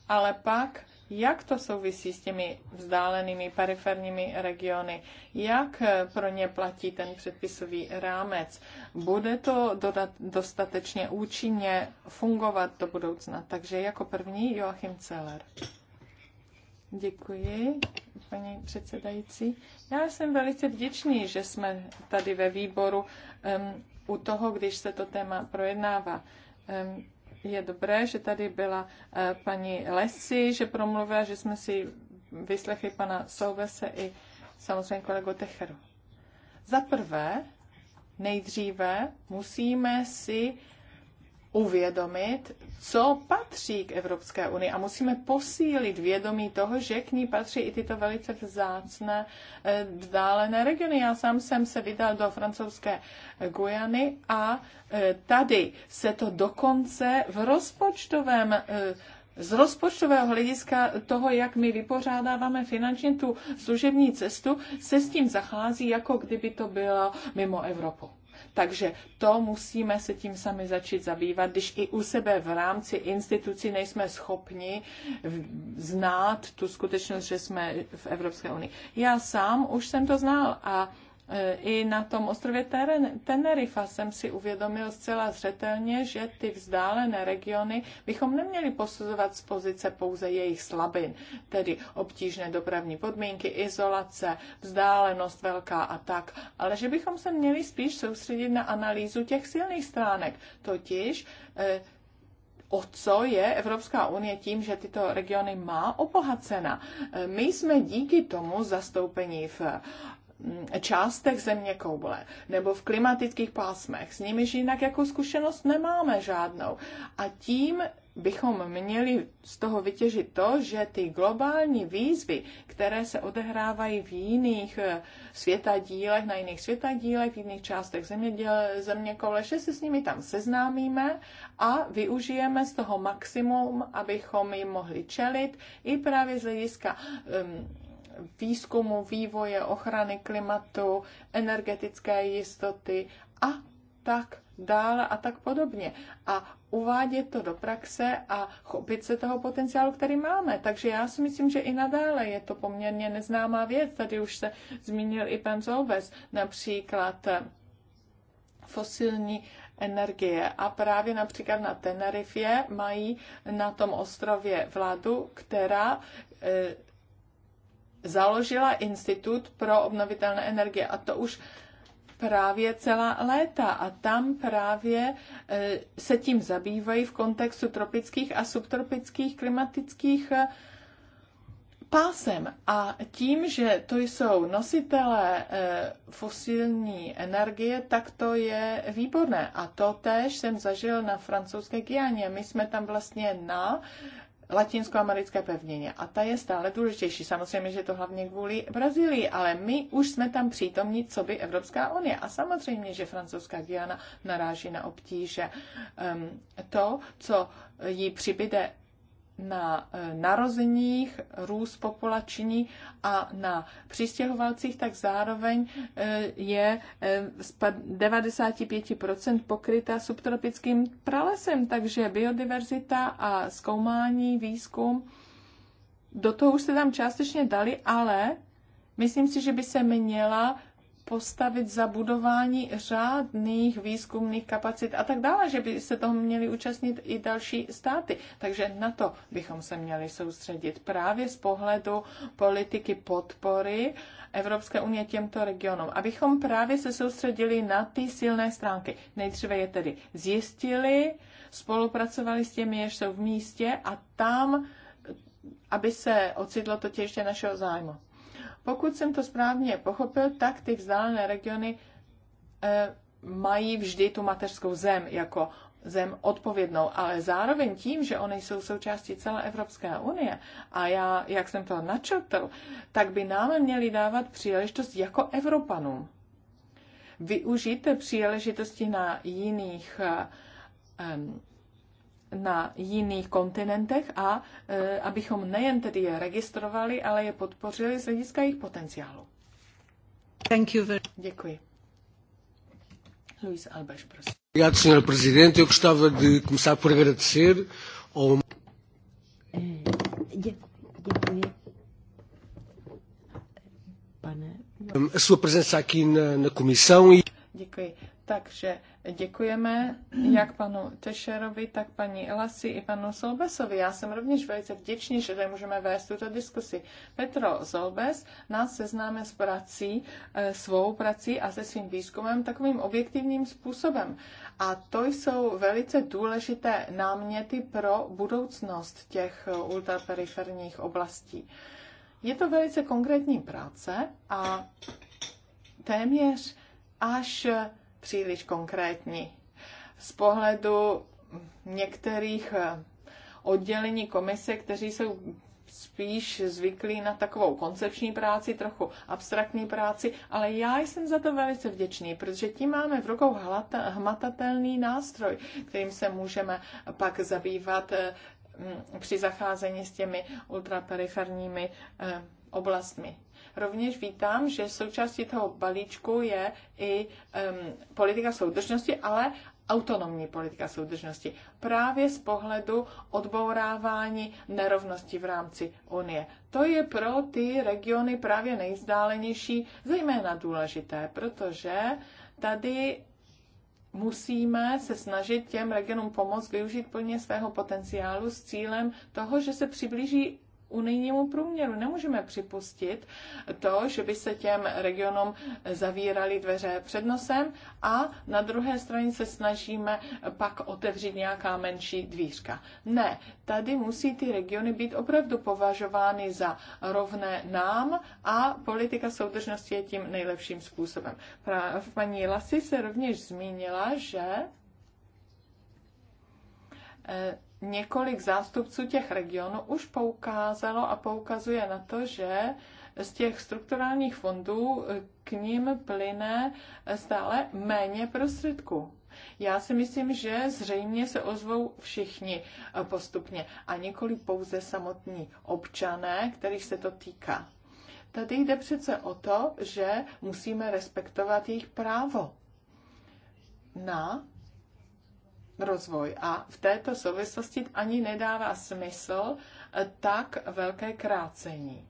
ale pak jak to souvisí s těmi vzdálenými periferními regiony, jak eh, pro ně platí ten předpisový rámec. Bude to dodat, dostatečně účinně fungovat do budoucna. Takže jako první Joachim Celer. Děkuji, paní předsedající. Já jsem velice vděčný, že jsme tady ve výboru um, u toho, když se to téma projednává. Um, je dobré, že tady byla eh, paní Lesy, že promluvila, že jsme si vyslechli pana Souvese i samozřejmě kolegu Techeru. Za prvé, nejdříve musíme si uvědomit, co patří k Evropské unii a musíme posílit vědomí toho, že k ní patří i tyto velice vzácné eh, vzdálené regiony. Já sám jsem se vydal do francouzské Gujany a eh, tady se to dokonce v rozpočtovém eh, z rozpočtového hlediska toho, jak my vypořádáváme finančně tu služební cestu, se s tím zachází, jako kdyby to bylo mimo Evropu. Takže to musíme se tím sami začít zabývat, když i u sebe v rámci institucí nejsme schopni znát tu skutečnost, že jsme v Evropské unii. Já sám už jsem to znal a i na tom ostrově Tenerifa jsem si uvědomil zcela zřetelně, že ty vzdálené regiony bychom neměli posuzovat z pozice pouze jejich slabin, tedy obtížné dopravní podmínky, izolace, vzdálenost velká a tak, ale že bychom se měli spíš soustředit na analýzu těch silných stránek, totiž e, o co je Evropská unie tím, že tyto regiony má obohacena. E, my jsme díky tomu zastoupení v částech země koule nebo v klimatických pásmech, s nimiž jinak jako zkušenost nemáme žádnou. A tím bychom měli z toho vytěžit to, že ty globální výzvy, které se odehrávají v jiných eh, světadílech, na jiných světadílech, v jiných částech země, země koule, že se s nimi tam seznámíme a využijeme z toho maximum, abychom jim mohli čelit i právě z hlediska um, výzkumu, vývoje, ochrany klimatu, energetické jistoty a tak dále a tak podobně. A uvádět to do praxe a chopit se toho potenciálu, který máme. Takže já si myslím, že i nadále je to poměrně neznámá věc. Tady už se zmínil i pan Zolves, například eh, fosilní energie. A právě například na Tenerifě mají na tom ostrově vládu, která eh, založila Institut pro obnovitelné energie a to už právě celá léta a tam právě e, se tím zabývají v kontextu tropických a subtropických klimatických e, pásem. A tím, že to jsou nositelé e, fosilní energie, tak to je výborné. A to též jsem zažil na francouzské Guianě. My jsme tam vlastně na latinskoamerické pevnině. A ta je stále důležitější. Samozřejmě, že to hlavně kvůli Brazílii, ale my už jsme tam přítomní, co by Evropská unie. A samozřejmě, že francouzská Diana naráží na obtíže. Um, to, co jí přibyde na e, narozeních růst populační a na přistěhovalcích, tak zároveň e, je z 95% pokryta subtropickým pralesem, takže biodiverzita a zkoumání, výzkum, do toho už se tam částečně dali, ale myslím si, že by se měla postavit za budování řádných výzkumných kapacit a tak dále, že by se toho měly účastnit i další státy. Takže na to bychom se měli soustředit právě z pohledu politiky podpory Evropské unie těmto regionům, abychom právě se soustředili na ty silné stránky. Nejdříve je tedy zjistili, spolupracovali s těmi, jež jsou v místě a tam, aby se ocitlo to těžké našeho zájmu. Pokud jsem to správně pochopil, tak ty vzdálené regiony e, mají vždy tu mateřskou zem jako zem odpovědnou, ale zároveň tím, že oni jsou součástí celé Evropské unie a já, jak jsem to načrtl, tak by nám měli dávat příležitost jako Evropanům. Využijte příležitosti na jiných eh, na jiných kontinentech a e, abychom nejen tedy je registrovali, ale je podpořili z hlediska jejich potenciálu. Thank you very... Děkuji. Luis Alves, prosím. Obrigado, Sr. Presidente. Eu gostava de começar por agradecer ao... Eh, Pane... A sua presença aqui na, na comissão e... Děkuji. Takže Děkujeme jak panu Tešerovi, tak paní Elasi i panu Solbesovi. Já jsem rovněž velice vděčný, že tady můžeme vést tuto diskusi. Petro Solbes nás seznáme s prací, eh, svou prací a se svým výzkumem takovým objektivním způsobem. A to jsou velice důležité náměty pro budoucnost těch eh, ultraperiferních oblastí. Je to velice konkrétní práce a téměř až eh, příliš konkrétní. Z pohledu některých eh, oddělení komise, kteří jsou spíš zvyklí na takovou koncepční práci, trochu abstraktní práci, ale já jsem za to velice vděčný, protože tím máme v rukou hmatatelný nástroj, kterým se můžeme pak zabývat eh, při zacházení s těmi ultraperiferními eh, oblastmi. Rovněž vítám, že součástí toho balíčku je i um, politika soudržnosti, ale autonomní politika soudržnosti. Právě z pohledu odbourávání nerovnosti v rámci Unie. To je pro ty regiony právě nejzdálenější zejména důležité, protože tady musíme se snažit těm regionům pomoct využít plně svého potenciálu s cílem toho, že se přiblíží unijnímu průměru. Nemůžeme připustit to, že by se těm regionům zavíraly dveře před nosem a na druhé straně se snažíme pak otevřít nějaká menší dvířka. Ne, tady musí ty regiony být opravdu považovány za rovné nám a politika soudržnosti je tím nejlepším způsobem. Paní Lasy se rovněž zmínila, že eh, několik zástupců těch regionů už poukázalo a poukazuje na to, že z těch strukturálních fondů eh, k ním plyne eh, stále méně prostředků. Já si myslím, že zřejmě se ozvou všichni eh, postupně a nikoli pouze samotní občané, kterých se to týká. Tady jde přece o to, že musíme respektovat jejich právo na rozvoj. A v této souvislosti ani nedává smysl eh, tak velké krácení.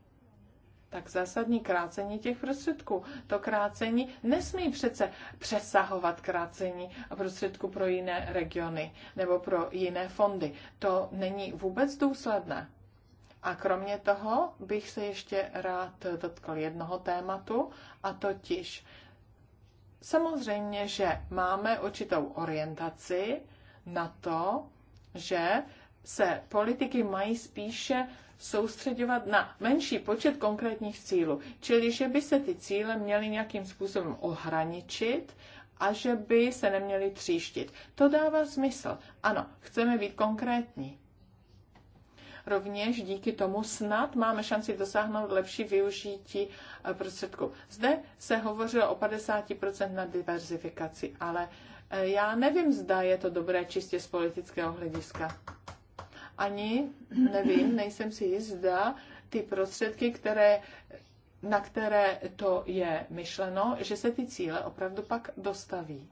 Tak zásadní krácení těch prostředků. To krácení nesmí přece přesahovat krácení prostředků pro jiné regiony nebo pro jiné fondy. To není vůbec důsledné. A kromě toho bych se ještě rád dotkl jednoho tématu, a totiž samozřejmě, že máme určitou orientaci, na to, že se politiky mají spíše soustředovat na menší počet konkrétních cílů. Čili, že by se ty cíle měly nějakým způsobem ohraničit a že by se neměly tříštit. To dává smysl. Ano, chceme být konkrétní. Rovněž díky tomu snad máme šanci dosáhnout lepší využití eh, prostředků. Zde se hovořilo o 50% na diverzifikaci, ale uh, já nevím, zda je to dobré čistě z politického hlediska. Ani nevím, nejsem si jist, zda ty prostředky, které, na které to je myšleno, že se ty cíle opravdu pak dostaví.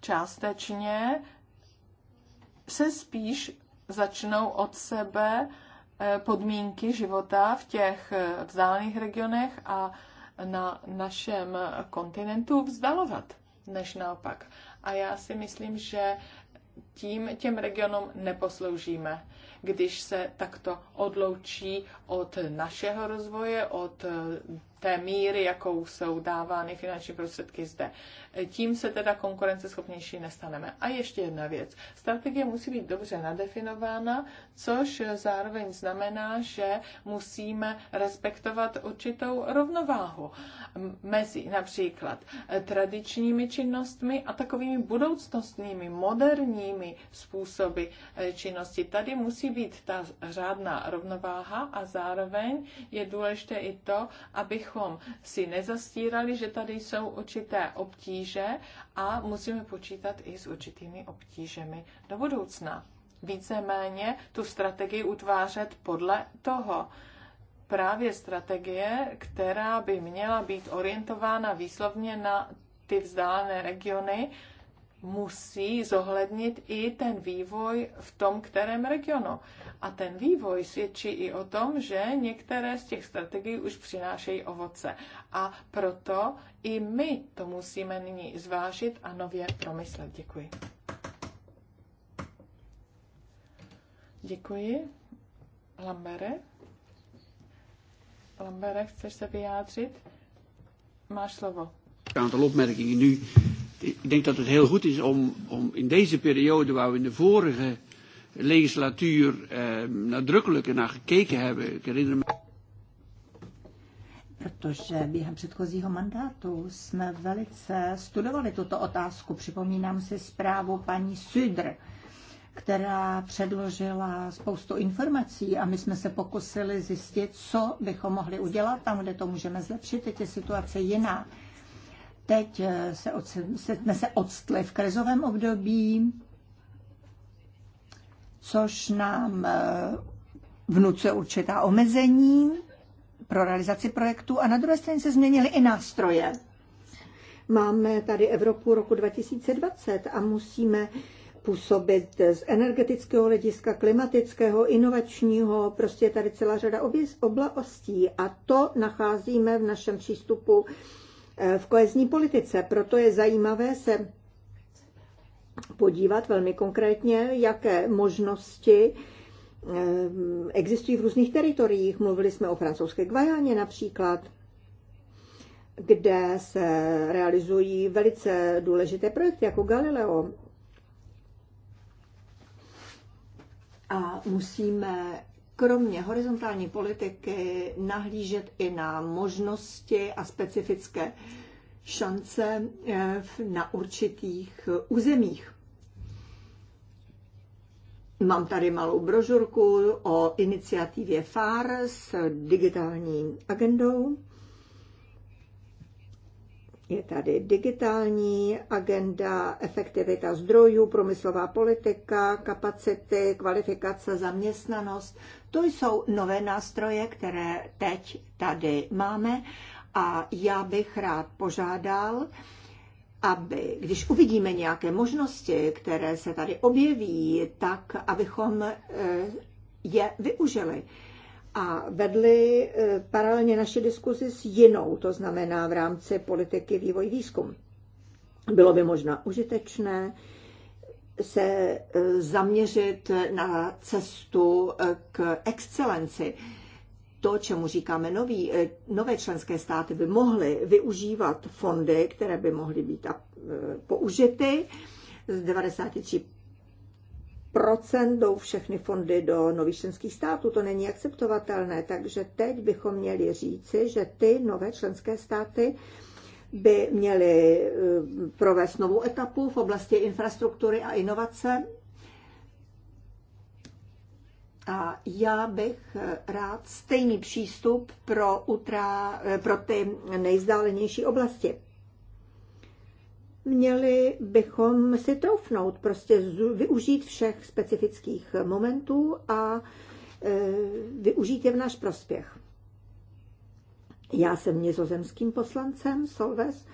Částečně se spíš začnou od sebe eh, podmínky života v těch eh, vzdálených regionech a na našem kontinentu vzdalovat, než naopak. A já si myslím, že tím těm regionům neposloužíme, když se takto odloučí od našeho rozvoje, od eh, té míry, jakou jsou dávány finanční prostředky zde. Eh, tím se teda konkurenceschopnější nestaneme. A ještě jedna věc. Strategie musí být dobře nadefinována, což zároveň znamená, že musíme respektovat určitou rovnováhu mezi například eh, tradičními činnostmi a takovými budoucnostními, moderními jinými způsoby eh, činnosti. Tady musí být ta řádná rovnováha a zároveň je důležité i to, abychom si nezastírali, že tady jsou určité obtíže a musíme počítat i s určitými obtížemi do budoucna. Víceméně tu strategii utvářet podle toho právě strategie, která by měla být orientována výslovně na ty vzdálené regiony, musí zohlednit i ten vývoj v tom kterém regionu. A ten vývoj svědčí i o tom, že některé z těch strategií už přinášejí ovoce. A proto i my to musíme nyní zvážit a nově promyslet. Děkuji. Děkuji. Lambere? Lambere, chceš se vyjádřit? Máš slovo. Aantal opmerkingen ik denk dat het heel goed is om, om in deze periode waar we in de vorige legislatuur eh, nadrukkelijk naar gekeken hebben. Ik herinner me... Protože během předchozího mandátu jsme velice studovali tuto otázku. Připomínám si zprávu paní Sudr, která předložila spoustu informací a my jsme se pokusili zjistit, co bychom mohli udělat tam, kde to můžeme zlepšit. Teď je situace jiná. Teď eh, se jsme se odstli v krizovém období, což nám eh, vnucuje určitá omezení pro realizaci projektu a na druhé straně se změnily i nástroje. Máme tady Evropu roku 2020 a musíme působit z energetického hlediska, klimatického, inovačního, prostě je tady celá řada oblastí a to nacházíme v našem přístupu Eh, v kohezní politice. Proto je zajímavé se podívat velmi konkrétně, jaké možnosti eh, existují v různých teritoriích. Mluvili jsme o francouzské Gvajáně například, kde se realizují velice důležité projekty jako Galileo. A musíme kromě horizontální politiky nahlížet i na možnosti a specifické šance eh, na určitých územích. Mám tady malou brožurku o iniciativě FAR s digitální agendou. Je tady digitální agenda, efektivita zdrojů, průmyslová politika, kapacity, kvalifikace, zaměstnanost. To jsou nové nástroje, které teď tady máme a já bych rád požádal, aby, když uvidíme nějaké možnosti, které se tady objeví, tak abychom eh, je využili a vedli eh, paralelně naše diskuzi s jinou, to znamená v rámci politiky vývoj výzkum. Bylo by možná užitečné se eh, zaměřit na cestu eh, k excelenci. To, čemu říkáme nový, eh, nové členské státy by mohly využívat fondy, které by mohly být použity z 93 jdou všechny fondy do nových členských států. To není akceptovatelné, takže teď bychom měli říci, že ty nové členské státy by měly eh, provést novou etapu v oblasti infrastruktury a inovace. A já bych eh, rád stejný přístup pro, utra, eh, pro ty nejzdálenější oblasti. Měli bychom si troufnout, prostě využít všech specifických momentů a využít je v náš prospěch. Já jsem nizozemským poslancem Solves,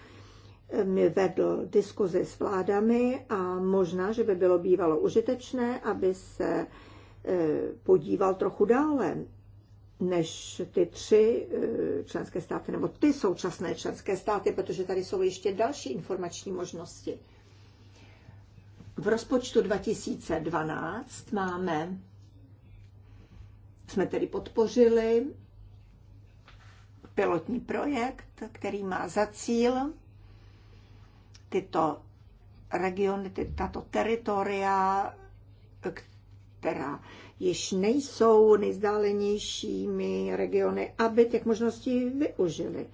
mi vedl diskuzi s vládami a možná, že by bylo bývalo užitečné, aby se e, podíval trochu dále než ty tři e, členské státy, nebo ty současné členské státy, protože tady jsou ještě další informační možnosti. V rozpočtu 2012 máme, jsme tedy podpořili pilotní projekt, který má za cíl tyto regiony, ty, tato teritoria, která již nejsou nejzdálenějšími regiony, aby těch možností využili.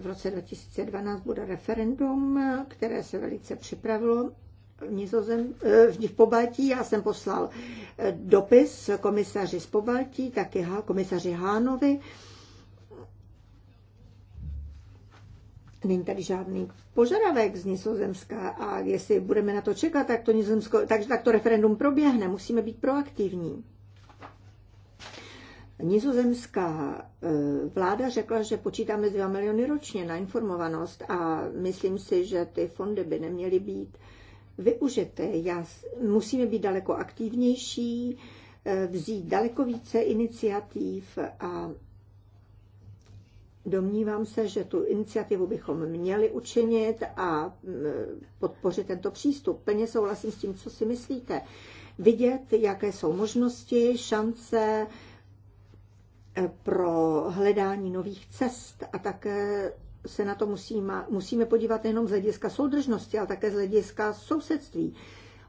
V roce 2012 bude referendum, které se velice připravilo v, Nizozem, eh, v Pobaltí. Já jsem poslal dopis komisaři z Pobaltí, také komisaři Hánovi, Není tady žádný požadavek z Nizozemska a jestli budeme na to čekat, tak to, Nizozemsko, tak, tak to referendum proběhne. Musíme být proaktivní. Nizozemská e, vláda řekla, že počítáme 2 miliony ročně na informovanost a myslím si, že ty fondy by neměly být využité. Já, musíme být daleko aktivnější, e, vzít daleko více iniciativ a Domnívám se, že tu iniciativu bychom měli učinit a podpořit tento přístup. Plně souhlasím s tím, co si myslíte. Vidět, jaké jsou možnosti, šance e, pro hledání nových cest a také se na to musíme, musíme podívat nejenom z hlediska soudržnosti, ale také z hlediska sousedství.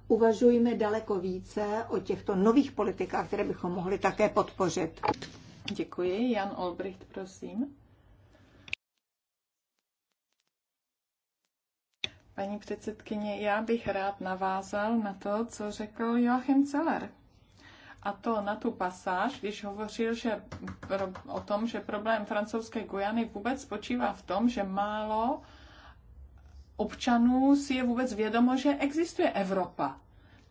Uvažujme daleko více o těchto nových politikách, které bychom mohli také podpořit. Děkuji. Jan Olbricht, prosím. Paní předsedkyně, já bych rád navázal na to, co řekl Joachim Celer. A to na tu pasáž, když hovořil že o tom, že problém francouzské Gujany vůbec spočívá v tom, že málo občanů si je vůbec vědomo, že existuje Evropa.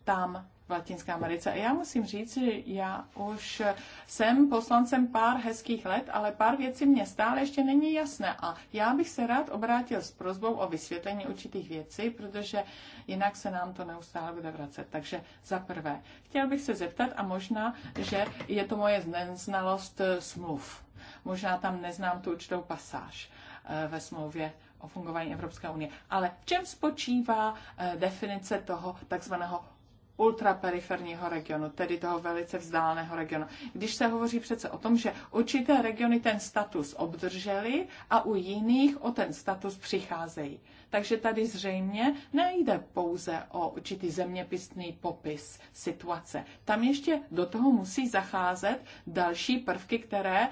Tam v Latinské Americe. A já musím říct, že já už jsem poslancem pár hezkých let, ale pár věcí mě stále ještě není jasné. A já bych se rád obrátil s prozbou o vysvětlení určitých věcí, protože jinak se nám to neustále bude vracet. Takže za prvé, chtěl bych se zeptat a možná, že je to moje neznalost eh, smluv. Možná tam neznám tu určitou pasáž eh, ve smlouvě o fungování Evropské unie. Ale v čem spočívá eh, definice toho takzvaného ultraperiferního regionu, tedy toho velice vzdáleného regionu. Když se hovoří přece o tom, že určité regiony ten status obdržely a u jiných o ten status přicházejí. Takže tady zřejmě nejde pouze o určitý zeměpisný popis situace. Tam ještě do toho musí zacházet další prvky, které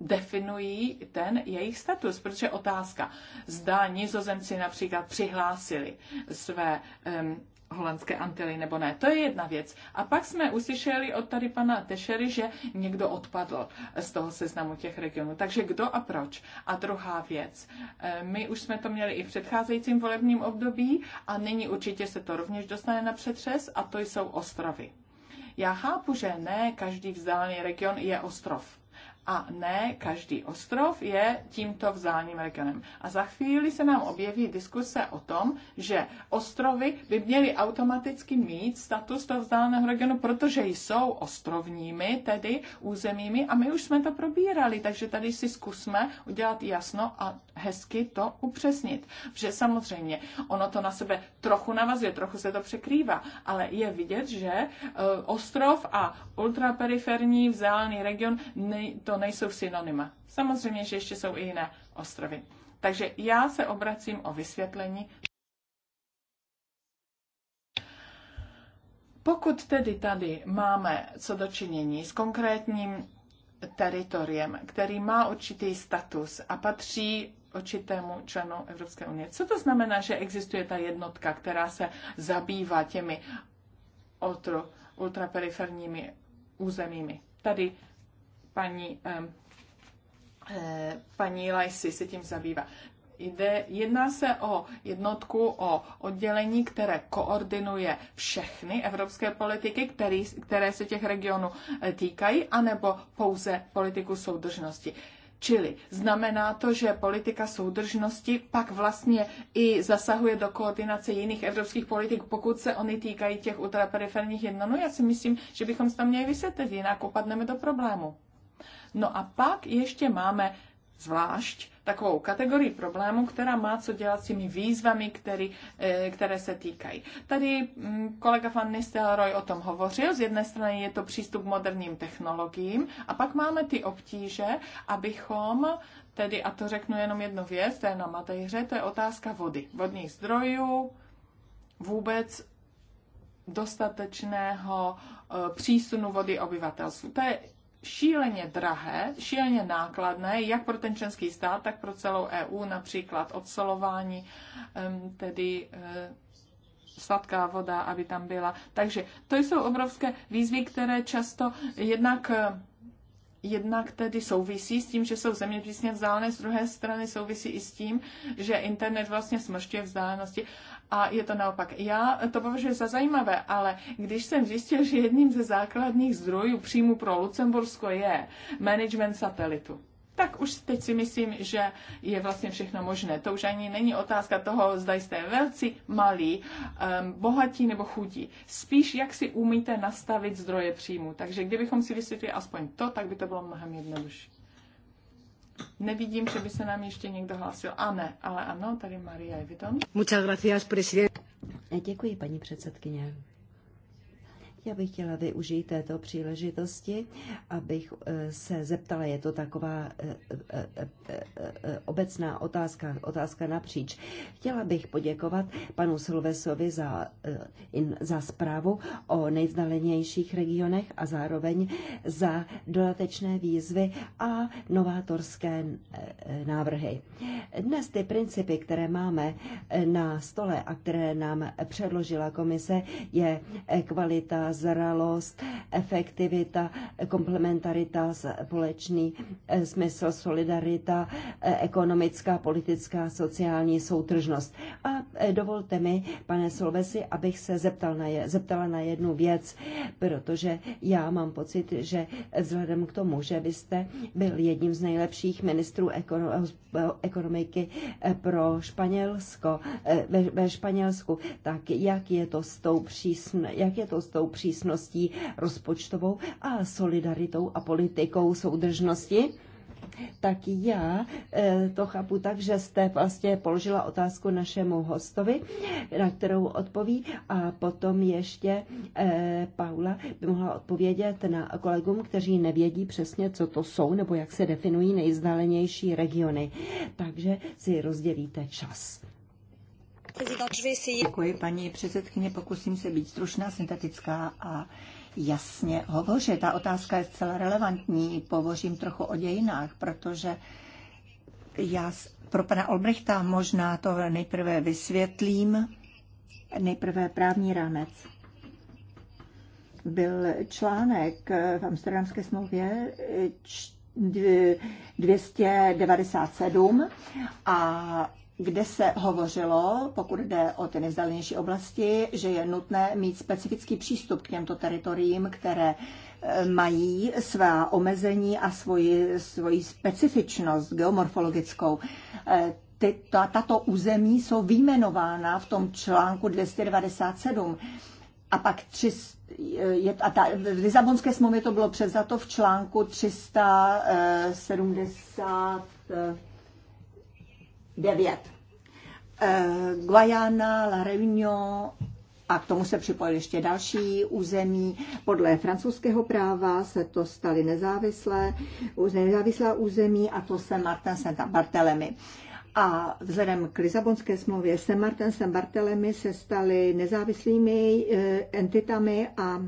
definují ten jejich status, protože otázka, zda nizozemci například přihlásili své um, holandské Antily nebo ne. To je jedna věc. A pak jsme uslyšeli od tady pana Tešery, že někdo odpadl z toho seznamu těch regionů. Takže kdo a proč? A druhá věc. E, my už jsme to měli i v předcházejícím volebním období a nyní určitě se to rovněž dostane na přetřes a to jsou ostrovy. Já chápu, že ne každý vzdálený region je ostrov a ne každý ostrov je tímto vzdáleným regionem. A za chvíli se nám objeví diskuse o tom, že ostrovy by měly automaticky mít status toho vzdáleného regionu, protože jsou ostrovními, tedy územími a my už jsme to probírali, takže tady si zkusme udělat jasno a hezky to upřesnit. Že samozřejmě ono to na sebe trochu navazuje, trochu se to překrývá, ale je vidět, že eh, ostrov a ultraperiferní vzdálený region to to nejsou synonyma. Samozřejmě, že ještě jsou i jiné ostrovy. Takže já se obracím o vysvětlení. Pokud tedy tady máme co dočinění s konkrétním teritoriem, který má určitý status a patří určitému členu Evropské unie. Co to znamená, že existuje ta jednotka, která se zabývá těmi ultraperiferními územími? Tady paní, eh, paní Lajsi se tím zabývá. Jde, jedná se o jednotku, o oddělení, které koordinuje všechny evropské politiky, který, které se těch regionů eh, týkají, anebo pouze politiku soudržnosti. Čili znamená to, že politika soudržnosti pak vlastně i zasahuje do koordinace jiných evropských politik, pokud se oni týkají těch ultraperiferních jednotů. No, já si myslím, že bychom se tam měli vysvětlit, jinak upadneme do problému. No a pak ještě máme zvlášť takovou kategorii problémů, která má co dělat s těmi výzvami, který, eh, které se týkají. Tady mm, kolega van Nistelrooy o tom hovořil. Z jedné strany je to přístup k moderním technologiím a pak máme ty obtíže, abychom tedy, a to řeknu jenom jednu věc, to je na Matejře, to je otázka vody, vodních zdrojů, vůbec dostatečného eh, přísunu vody obyvatelstvu. To je šíleně drahé, šíleně nákladné, jak pro ten členský stát, tak pro celou EU, například odsolování, tedy eh, sladká voda, aby tam byla. Takže to jsou obrovské výzvy, které často jednak eh, jednak tedy souvisí s tím, že jsou země přísně vzdálené, z druhé strany souvisí i s tím, že internet vlastně smršťuje vzdálenosti a je to naopak. Já to považuji za zajímavé, ale když jsem zjistil, že jedním ze základních zdrojů příjmu pro Lucembursko je management satelitu, tak už teď si myslím, že je vlastně všechno možné. To už ani není otázka toho, zda jste velcí, malí, um, bohatí nebo chudí. Spíš, jak si umíte nastavit zdroje příjmu. Takže kdybychom si vysvětlili aspoň to, tak by to bylo mnohem jednodušší. Nevidím, že by se nám ještě někdo hlásil. A ne, ale ano, tady Maria Evidon. Muchas gracias, presidente. Děkuji, paní předsedkyně. Já bych chtěla využít této příležitosti, abych eh, se zeptala, je to taková eh, eh, obecná otázka, otázka napříč. Chtěla bych poděkovat panu Silvesovi za, za zprávu o nejvzdalenějších regionech a zároveň za dodatečné výzvy a novátorské návrhy. Dnes ty principy, které máme na stole a které nám předložila komise, je kvalita zralost, efektivita, komplementarita, společný eh, smysl, solidarita, eh, ekonomická, politická, sociální soutržnost. A eh, dovolte mi, pane Solvesi, abych se zeptal na je, zeptala na jednu věc, protože já mám pocit, že vzhledem k tomu, že vy jste byl jedním z nejlepších ministrů ekonomiky pro Španělsko, ve, ve Španělsku, tak jak je to s tou přísn, jak je to s tou přísností rozpočtovou a solidaritou a politikou soudržnosti, tak já e, to chápu tak, že jste vlastně položila otázku našemu hostovi, na kterou odpoví a potom ještě e, Paula by mohla odpovědět na kolegům, kteří nevědí přesně, co to jsou nebo jak se definují nejzdálenější regiony. Takže si rozdělíte čas. Děkuji, paní předsedkyně. Pokusím se být stručná, syntetická a jasně hovořit. Ta otázka je zcela relevantní. Povořím trochu o dějinách, protože já pro pana Olbrichta možná to nejprve vysvětlím. Nejprve právní rámec. Byl článek v Amsterdamské smlouvě 297 eh, a kde se hovořilo, pokud jde o ty nejvzdálenější oblasti, že je nutné mít specifický přístup k těmto teritoriím, které eh, mají svá omezení a svoji, svoji specifičnost geomorfologickou. Eh, ty, ta, tato území jsou výjmenována v tom článku 297 a pak tři, je, a ta, v Lisabonské smlouvě to bylo převzato v článku 370 Devět. Eh, Guayana, La Réunion a k tomu se připojili ještě další území. Podle francouzského práva se to staly nezávislé, nezávislá území a to se Martin Santa Bartelemy. A vzhledem k Lisabonské smlouvě se Martin Santa Bartelemy se staly nezávislými eh, entitami a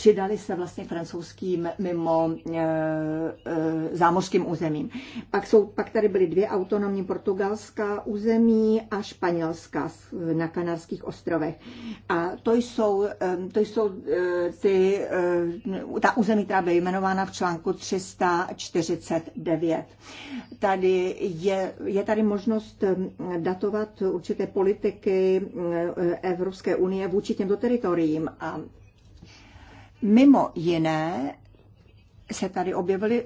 přidali se vlastně francouzským mimo eh, eh, zámořským územím. Pak, jsou, pak tady byly dvě autonomní portugalská území a španělská na Kanarských ostrovech. A to jsou, to jsou eh, ty, ta území, která byla jmenována v článku 349. Tady je, je tady možnost datovat určité politiky Evropské unie vůči těmto teritoriím a Mimo jiné se tady objevily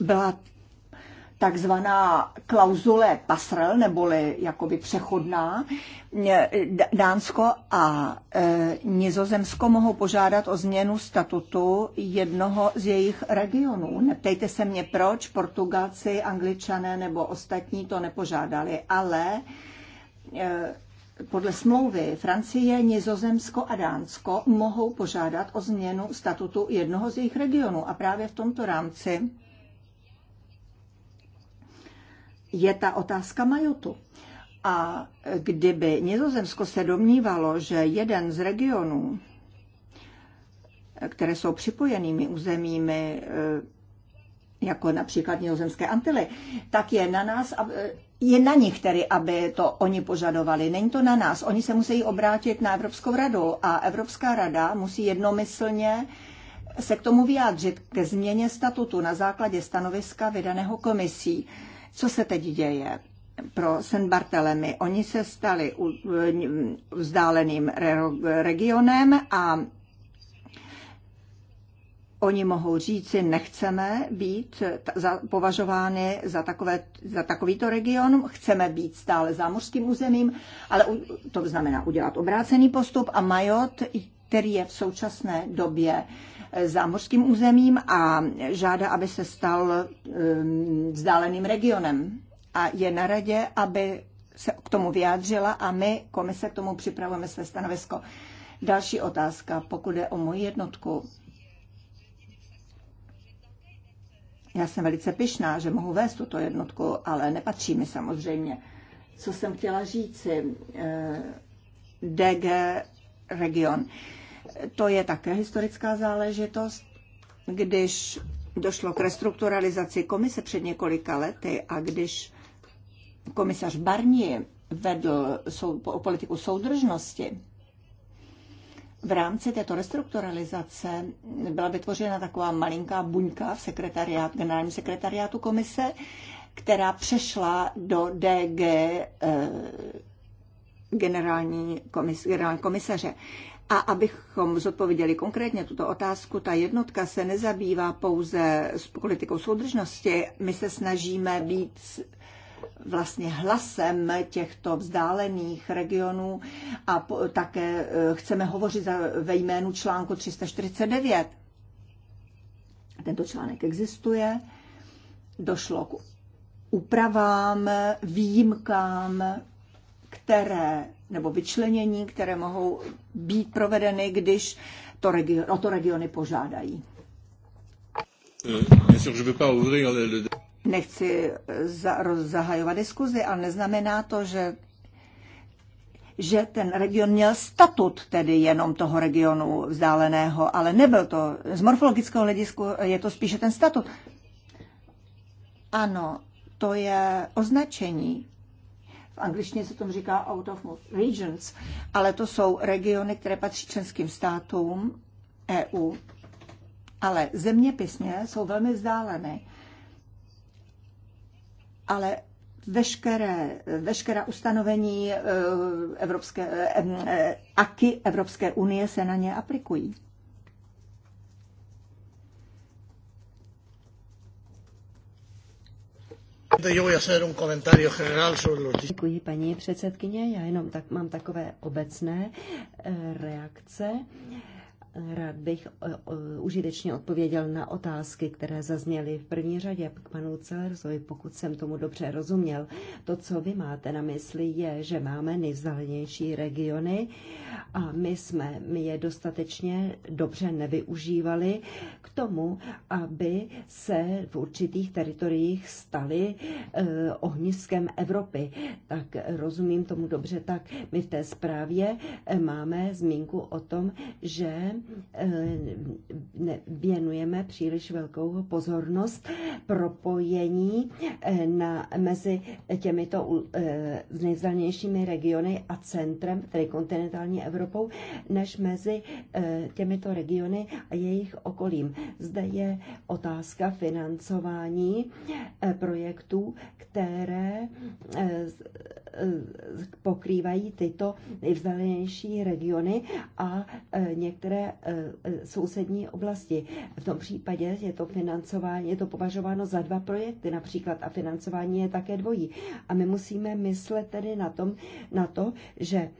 byla takzvaná klauzule pasrel, neboli jakoby přechodná. Dánsko a e, Nizozemsko mohou požádat o změnu statutu jednoho z jejich regionů. Neptejte se mě, proč Portugalci, Angličané nebo ostatní to nepožádali, ale e, podle smlouvy Francie, Nizozemsko a Dánsko mohou požádat o změnu statutu jednoho z jejich regionů. A právě v tomto rámci je ta otázka majotu. A kdyby Nizozemsko se domnívalo, že jeden z regionů, které jsou připojenými územími, e, jako například Nizozemské Antily, tak je na nás, je na nich tedy, aby to oni požadovali. Není to na nás. Oni se musí obrátit na Evropskou radu a Evropská rada musí jednomyslně se k tomu vyjádřit ke změně statutu na základě stanoviska vydaného komisí. Co se teď děje? pro St. Barthelemy. Oni se stali vzdáleným regionem a oni mohou říci, nechceme být za, považovány za, takové, za takovýto region, chceme být stále zámořským územím, ale u, to znamená udělat obrácený postup a Majot, který je v současné době eh, zámořským územím a žádá, aby se stal um, vzdáleným regionem. A je na radě, aby se k tomu vyjádřila a my, komise, k tomu připravujeme své stanovisko. Další otázka, pokud je o moji jednotku, Já jsem velice pyšná, že mohu vést tuto jednotku, ale nepatří mi samozřejmě. Co jsem chtěla říci, eh, DG region. To je také historická záležitost, když došlo k restrukturalizaci komise před několika lety a když komisař Barnier vedl sou, politiku soudržnosti, v rámci této restrukturalizace byla vytvořena taková malinká buňka v sekretariát, generálním sekretariátu komise, která přešla do DG eh, generální, komis, generální komisaře. A abychom zodpověděli konkrétně tuto otázku, ta jednotka se nezabývá pouze s politikou soudržnosti. My se snažíme být vlastně hlasem těchto vzdálených regionů a po, také eh, chceme hovořit za, ve jménu článku 349. Tento článek existuje, došlo k úpravám, výjimkám, které, nebo vyčlenění, které mohou být provedeny, když to region, o to regiony požádají. Euh, Nechci eh, zahajovat diskuzi, ale neznamená to, že že ten region měl statut tedy jenom toho regionu vzdáleného, ale nebyl to. Z morfologického hledisku je to spíše ten statut. Ano, to je označení. V angličtině se tomu říká out of regions, ale to jsou regiony, které patří členským státům EU, ale zeměpisně jsou velmi vzdálené ale veškeré, veškerá ustanovení eh, Evropské, eh, eh, AKY Evropské unie se na ně aplikují. Děkuji, paní předsedkyně. Já jenom tak mám takové obecné reakce rád bych e, e, užitečně odpověděl na otázky, které zazněly v první řadě k panu Celerzovi, pokud jsem tomu dobře rozuměl. To, co vy máte na mysli, je, že máme nejvzdálenější regiony a my jsme my je dostatečně dobře nevyužívali k tomu, aby se v určitých teritoriích staly e, ohniskem Evropy. Tak rozumím tomu dobře, tak my v té zprávě máme zmínku o tom, že Eh, věnujeme příliš velkou pozornost propojení eh, na, mezi těmito eh, nejvzdálenějšími regiony a centrem, tedy kontinentální Evropou, než mezi těmito regiony a jejich okolím. Zde je otázka financování projektů, které pokrývají tyto nejvzdálenější regiony a e, některé e, e, sousední oblasti. V tom případě je to financování, je to považováno za dva projekty například a financování je také dvojí. A my musíme myslet tedy na, tom, na to, že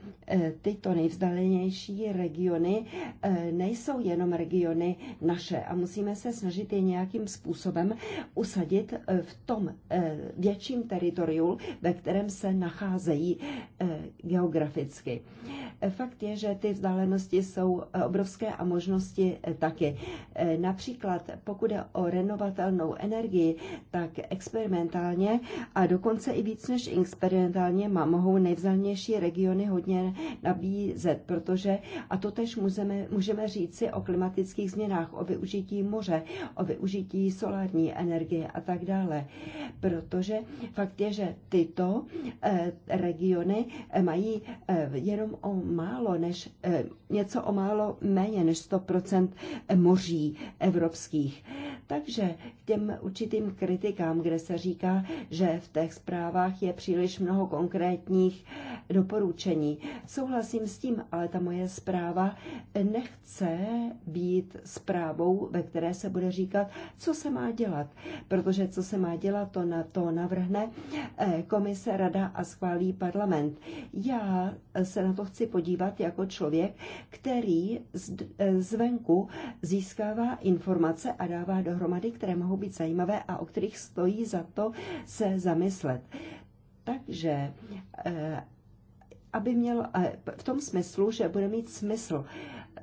tyto nejvzdálenější regiony nejsou jenom regiony naše a musíme se snažit je nějakým způsobem usadit v tom větším teritoriu, ve kterém se nachází nacházejí eh, geograficky. Eh, fakt je, že ty vzdálenosti jsou eh, obrovské a možnosti taky. Například pokud jde o renovatelnou energii, tak experimentálně a dokonce i víc než experimentálně má, mohou nejvzdálenější regiony hodně nabízet, protože a to tež můžeme, můžeme říci o klimatických změnách, o využití moře, o využití solární energie a tak dále. Protože fakt je, že tyto Eh, regiony eh, mají eh, jenom o málo než, něco o málo méně než 100% moří evropských. Takže k těm určitým kritikám, kde se říká, že v těch zprávách je příliš mnoho konkrétních doporučení. Souhlasím s tím, ale ta moje zpráva nechce být zprávou, ve které se bude říkat, co se má dělat. Protože co se má dělat, to, na, to navrhne komise, rada a schválí parlament. Já se na to chci podívat jako člověk, který zvenku získává informace a dává dohromady, které mohou být zajímavé a o kterých stojí za to se zamyslet. Takže eh, aby měl eh, v tom smyslu, že bude mít smysl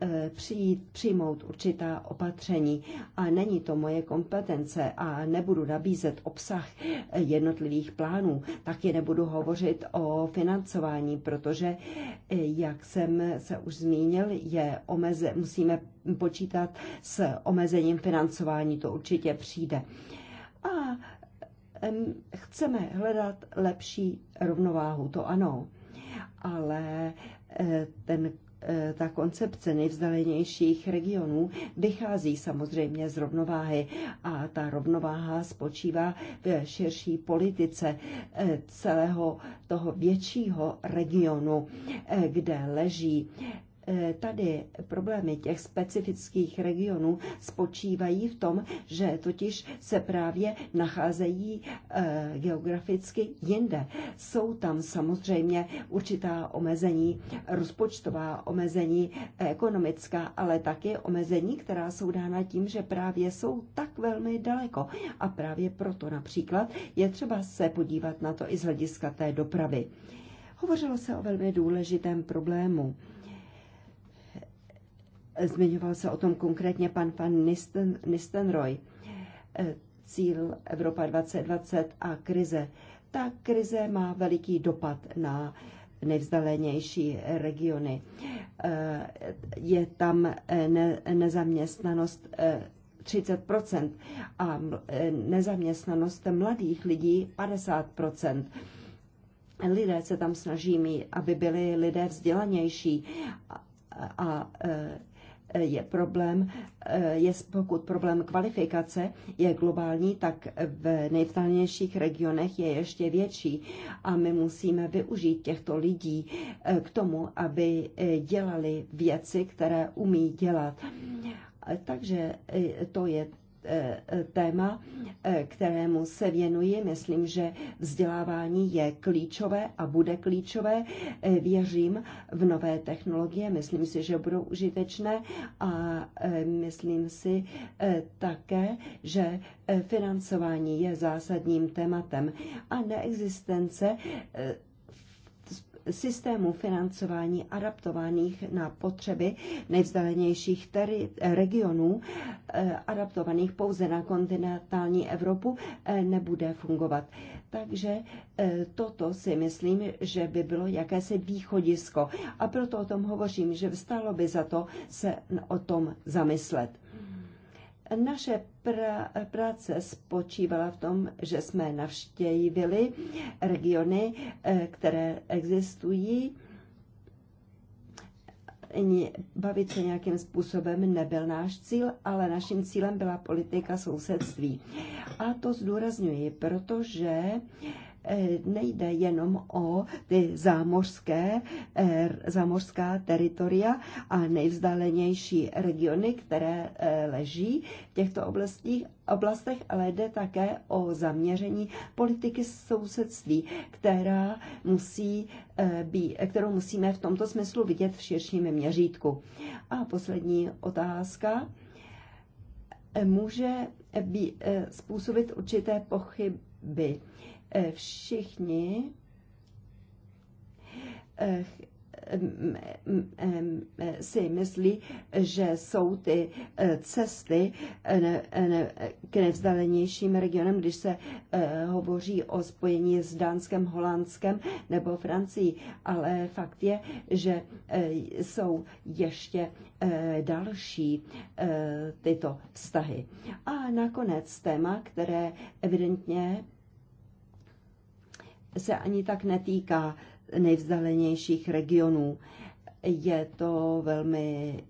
Eh, přijít, přijmout určitá opatření. A není to moje kompetence a nebudu nabízet obsah eh, jednotlivých plánů. Taky nebudu hovořit o financování, protože, eh, jak jsem se už zmínil, je omeze, musíme počítat s omezením financování. To určitě přijde. A chceme hledat lepší rovnováhu, to ano, ale ten Eh, ta koncepce nejvzdálenějších regionů vychází samozřejmě z rovnováhy a ta rovnováha spočívá v širší politice eh, celého toho většího regionu, eh, kde leží Eh, tady problémy těch specifických regionů spočívají v tom, že totiž se právě nacházejí eh, geograficky jinde. Jsou tam samozřejmě určitá omezení, rozpočtová omezení, ekonomická, ale také omezení, která jsou dána tím, že právě jsou tak velmi daleko. A právě proto například je třeba se podívat na to i z hlediska té dopravy. Hovořilo se o velmi důležitém problému. Zmiňoval se o tom konkrétně pan van Nisten, Nistenroy. E, cíl Evropa 2020 a krize. Ta krize má veliký dopad na nejvzdalenější regiony. E, je tam e, ne, nezaměstnanost 30 a nezaměstnanost mladých lidí 50 Lidé se tam snaží mít, aby byli lidé vzdělanější a, a, a je problém, eh, je, pokud problém kvalifikace je globální, tak v nejvzdálenějších regionech je ještě větší a my musíme využít těchto lidí eh, k tomu, aby eh, dělali věci, které umí dělat. Takže to je E, téma, e, kterému se věnuji. Myslím, že vzdělávání je klíčové a bude klíčové. E, věřím v nové technologie, myslím si, že budou užitečné a myslím si také, že financování je zásadním tématem a neexistence Systému financování adaptovaných na potřeby nejvzdálenějších teri- regionů, eh, adaptovaných pouze na kontinentální Evropu, eh, nebude fungovat. Takže eh, toto si myslím, že by bylo jakési východisko. A proto o tom hovořím, že vstalo by za to se o tom zamyslet. Naše pra, práce spočívala v tom, že jsme navštěvili regiony, eh, které existují. Bavit se nějakým způsobem nebyl náš cíl, ale naším cílem byla politika sousedství. A to zdůrazňuji, protože eh, Eh, nejde jenom o ty zámořské, eh, zámořská teritoria a nejvzdálenější regiony, které eh, leží v těchto oblastích, oblastech, ale jde také o zaměření politiky sousedství, která musí být, kterou musíme v tomto smyslu vidět v širším měřítku. A poslední otázka může být, způsobit určité pochyby. Eh, všichni eh, eh, mm, mm, si myslí, že jsou ty cesty k nevzdálenějším regionem, když se hovoří o spojení s Dánskem, Holandskem nebo Francií. Ale fakt je, že jsou ještě další tyto vztahy. A nakonec téma, které evidentně se ani tak netýká nejvzdálenějších regionů. Je to velmi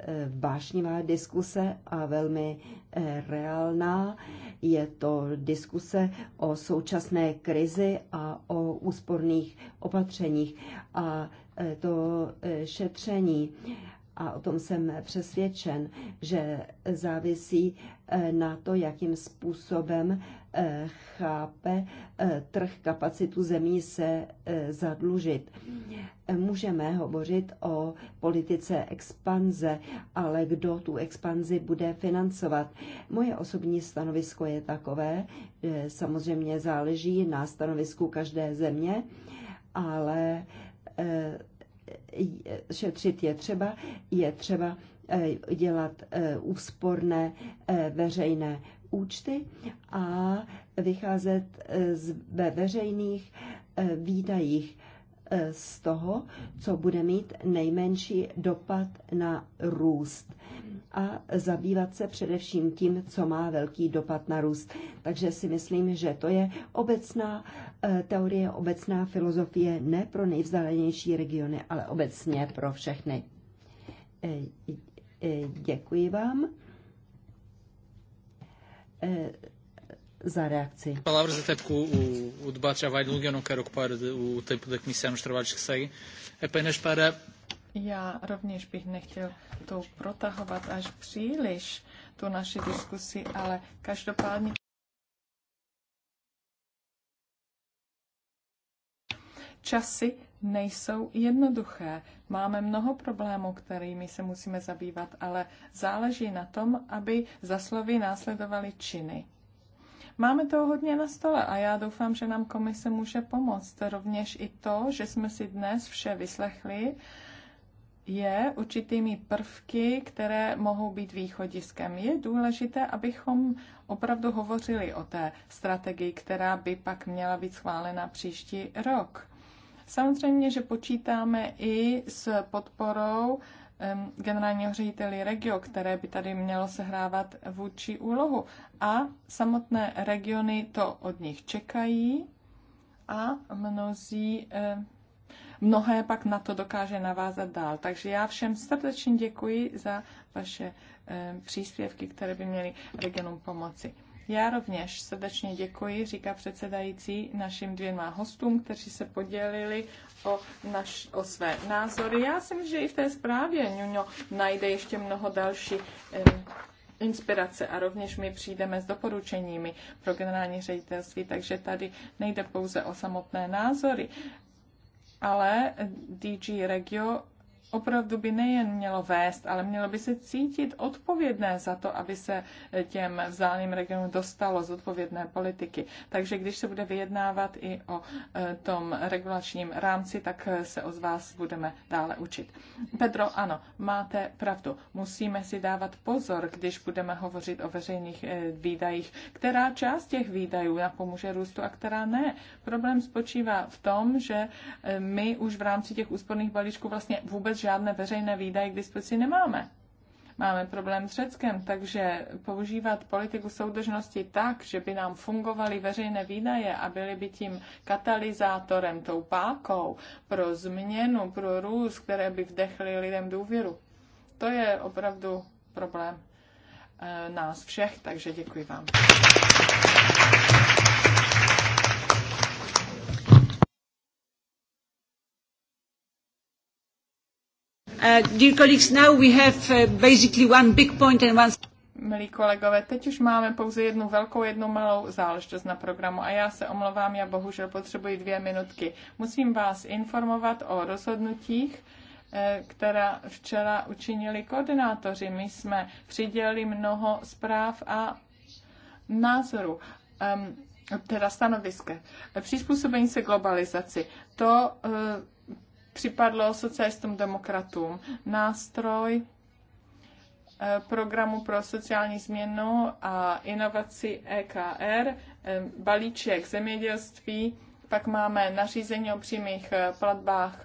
eh, vášnivá diskuse a velmi eh, reálná. Je to diskuse o současné krizi a o úsporných opatřeních a eh, to šetření a o tom jsem přesvědčen, že závisí eh, na to, jakým způsobem eh, chápe eh, trh kapacitu zemí se zadlužit. Můžeme hovořit o politice expanze, ale kdo tu expanzi bude financovat? Moje osobní stanovisko je takové, že samozřejmě záleží na stanovisku každé země, ale šetřit je třeba, je třeba eh, dělat eh, úsporné eh, veřejné účty a vycházet ve veřejných výdajích z toho, co bude mít nejmenší dopad na růst a zabývat se především tím, co má velký dopad na růst. Takže si myslím, že to je obecná Eh, teorie obecná filozofie ne pro nejvzdálenější regiony, ale obecně pro všechny. Eh, eh, děkuji vám za reakci. Palavras até porque o, o debate já vai de longo, eu não quero ocupar o tempo da Comissão nos trabalhos que seguem, apenas para... Já rovněž bych nechtěl to protahovat až příliš, tu naši diskusi, ale každopádně časy nejsou jednoduché. Máme mnoho problémů, kterými se musíme zabývat, ale záleží na tom, aby za slovy následovaly činy. Máme toho hodně na stole a já doufám, že nám komise může pomoct. Rovněž i to, že jsme si dnes vše vyslechli, je určitými prvky, které mohou být východiskem. Je důležité, abychom opravdu hovořili o té strategii, která by pak měla být schválena příští rok Samozřejmě, že počítáme i s podporou generálního řediteli regio, které by tady mělo sehrávat vůči úlohu. A samotné regiony to od nich čekají a mnozí, mnohé pak na to dokáže navázat dál. Takže já všem srdečně děkuji za vaše příspěvky, které by měly regionům pomoci. Já rovněž srdečně děkuji, říká předsedající, našim dvěma hostům, kteří se podělili o, naš, o své názory. Já si myslím, že i v té zprávě Nuno najde ještě mnoho další eh, inspirace a rovněž my přijdeme s doporučeními pro generální ředitelství, takže tady nejde pouze o samotné názory, ale DG Regio opravdu by nejen mělo vést, ale mělo by se cítit odpovědné za to, aby se těm vzdáleným regionům dostalo z odpovědné politiky. Takže když se bude vyjednávat i o e, tom regulačním rámci, tak e, se od vás budeme dále učit. Pedro, ano, máte pravdu. Musíme si dávat pozor, když budeme hovořit o veřejných e, výdajích, která část těch výdajů napomůže růstu a která ne. Problém spočívá v tom, že my už v rámci těch úsporných balíčků vlastně vůbec vůbec žádné veřejné výdaje k dispozici nemáme. Máme problém s Řeckem, takže používat politiku soudržnosti tak, že by nám fungovaly veřejné výdaje a byly by tím katalyzátorem, tou pákou pro změnu, pro růst, které by vdechly lidem důvěru. To je opravdu problém eh, nás všech, takže děkuji vám. Uh, dear colleagues, now we have uh, basically one big point and one... Milí kolegové, teď už máme pouze jednu velkou, jednu malou záležitost na programu a já se omlouvám, já bohužel potřebuji dvě minutky. Musím vás informovat o rozhodnutích, eh, která včera učinili koordinátoři. My jsme přidělili mnoho zpráv a názorů. Ehm, teda stanoviske. Přizpůsobení se globalizaci. To eh, připadlo socialistům demokratům. Nástroj eh, programu pro sociální změnu a inovaci EKR, eh, balíček zemědělství, pak máme nařízení o přímých eh, platbách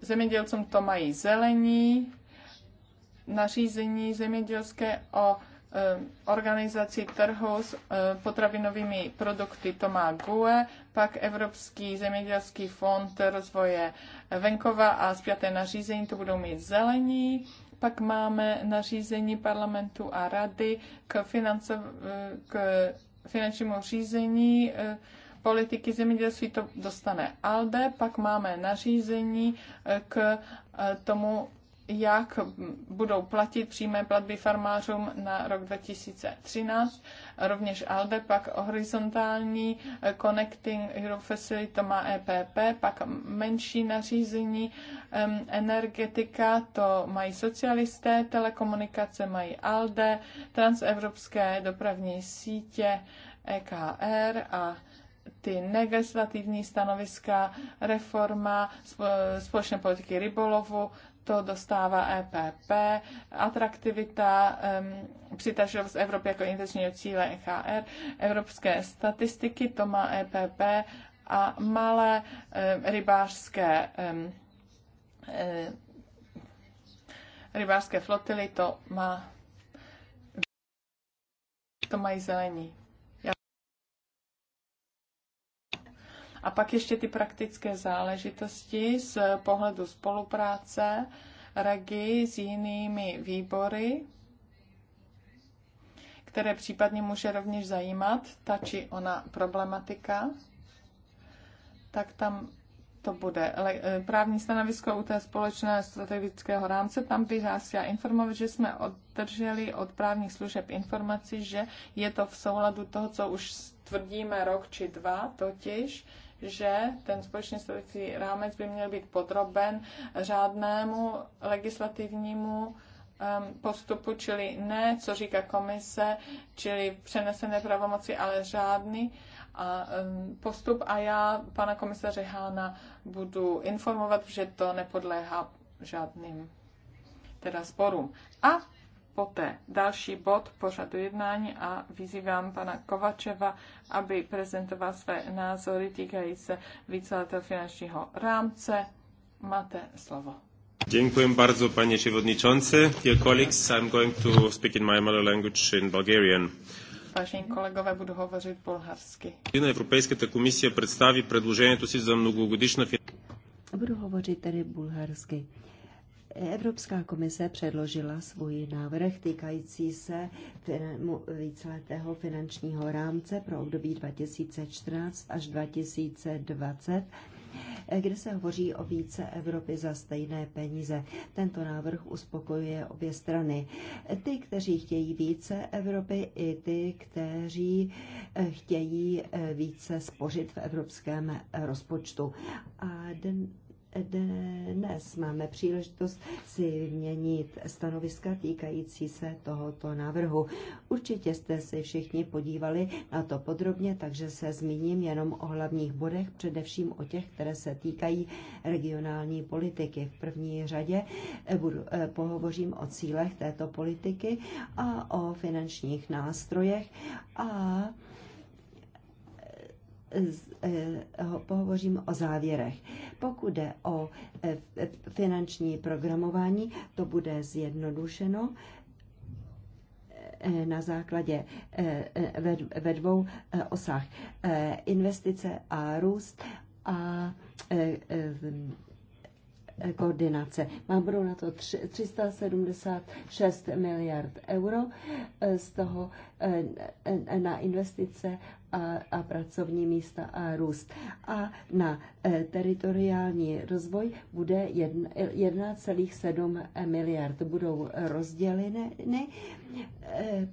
zemědělcům to mají zelení, nařízení zemědělské o Eh, Organizací trhu s eh, potravinovými produkty to má GUE, pak Evropský zemědělský fond rozvoje venkova a zpěté nařízení to budou mít zelení. Pak máme nařízení parlamentu a rady k, eh, k finančnímu řízení politiky zemědělství to dostane ALDE, pak máme nařízení k tomu jak budou platit přímé platby farmářům na rok 2013. Rovněž ALDE, pak horizontální Connecting Europe Facility, to má EPP, pak menší nařízení energetika, to mají socialisté, telekomunikace mají ALDE, transevropské dopravní sítě EKR a ty negativní stanoviska, reforma společné politiky rybolovu, to dostává EPP, atraktivita, um, přitažlivost Evropy jako investičního cíle EHR, evropské statistiky, to má EPP a malé um, rybářské um, rybářské flotily, to má to mají zelení. A pak ještě ty praktické záležitosti z pohledu spolupráce regi s jinými výbory, které případně může rovněž zajímat ta či ona problematika, tak tam to bude. E, právní stanovisko u té společné strategického rámce, tam bych vás chtěla informovat, že jsme obdrželi od právních služeb informaci, že je to v souladu toho, co už tvrdíme rok či dva, totiž, že ten společně stojící rámec by měl být podroben řádnému legislativnímu postupu, čili ne, co říká komise, čili přenesené pravomoci, ale žádný a, postup. A já pana komisaře Hána budu informovat, že to nepodléhá žádným teda sporům. A poté další bod pořadu jednání a vyzývám pana Kovačeva, aby prezentoval své názory týkají se víceletého finančního rámce. Máte slovo. Děkuji bardzo, paní przewodniczący. Dear colleagues, I'm going to speak in my mother language in Bulgarian. Vážení kolegové, budu hovořit bulharsky. Европейската комисия представи si za за finanční. Budu hovořit tedy bulharsky. Evropská komise předložila svůj návrh týkající se víceletého finančního rámce pro období 2014 až 2020 kde se hovoří o více Evropy za stejné peníze. Tento návrh uspokojuje obě strany. Ty, kteří chtějí více Evropy, i ty, kteří eh, chtějí eh, více spořit v evropském eh, rozpočtu. A dnes máme příležitost si vyměnit stanoviska týkající se tohoto návrhu. Určitě jste si všichni podívali na to podrobně, takže se zmíním jenom o hlavních bodech, především o těch, které se týkají regionální politiky. V první řadě budu, eh, pohovořím o cílech této politiky a o finančních nástrojech a Eh, pohovořím o závěrech. Pokud jde o eh, finanční programování, to bude zjednodušeno eh, na základě ve dvou osách. Investice a růst a koordinace. Mám budou na to 376 miliard euro, z toho na investice a, a pracovní místa a růst. A na e, teritoriální rozvoj bude 1,7 miliard. Budou rozděleny e,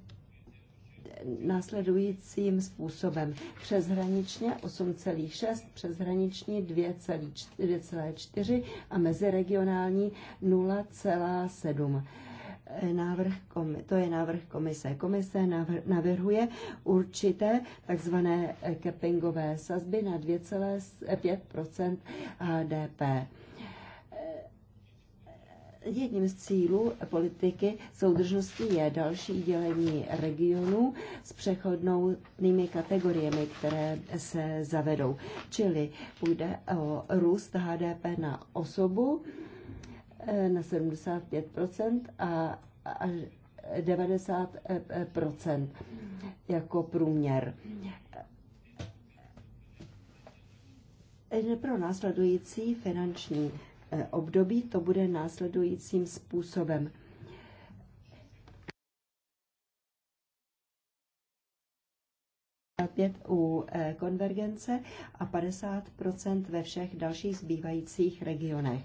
následujícím způsobem. Přeshraničně 8,6, přeshraniční 2,4 a meziregionální 0,7. Eh, návrh, to je návrh komise. Komise navrhuje určité takzvané kepingové eh, sazby na 2,5 eh, HDP. Jedním z cílů politiky soudržnosti je další dělení regionů s přechodnými kategoriemi, které se zavedou. Čili půjde o růst HDP na osobu, Eh, na 75% a až 90% eh, eh, jako průměr. Pro následující finanční období to bude následujícím způsobem. u konvergence a 50 ve všech dalších zbývajících regionech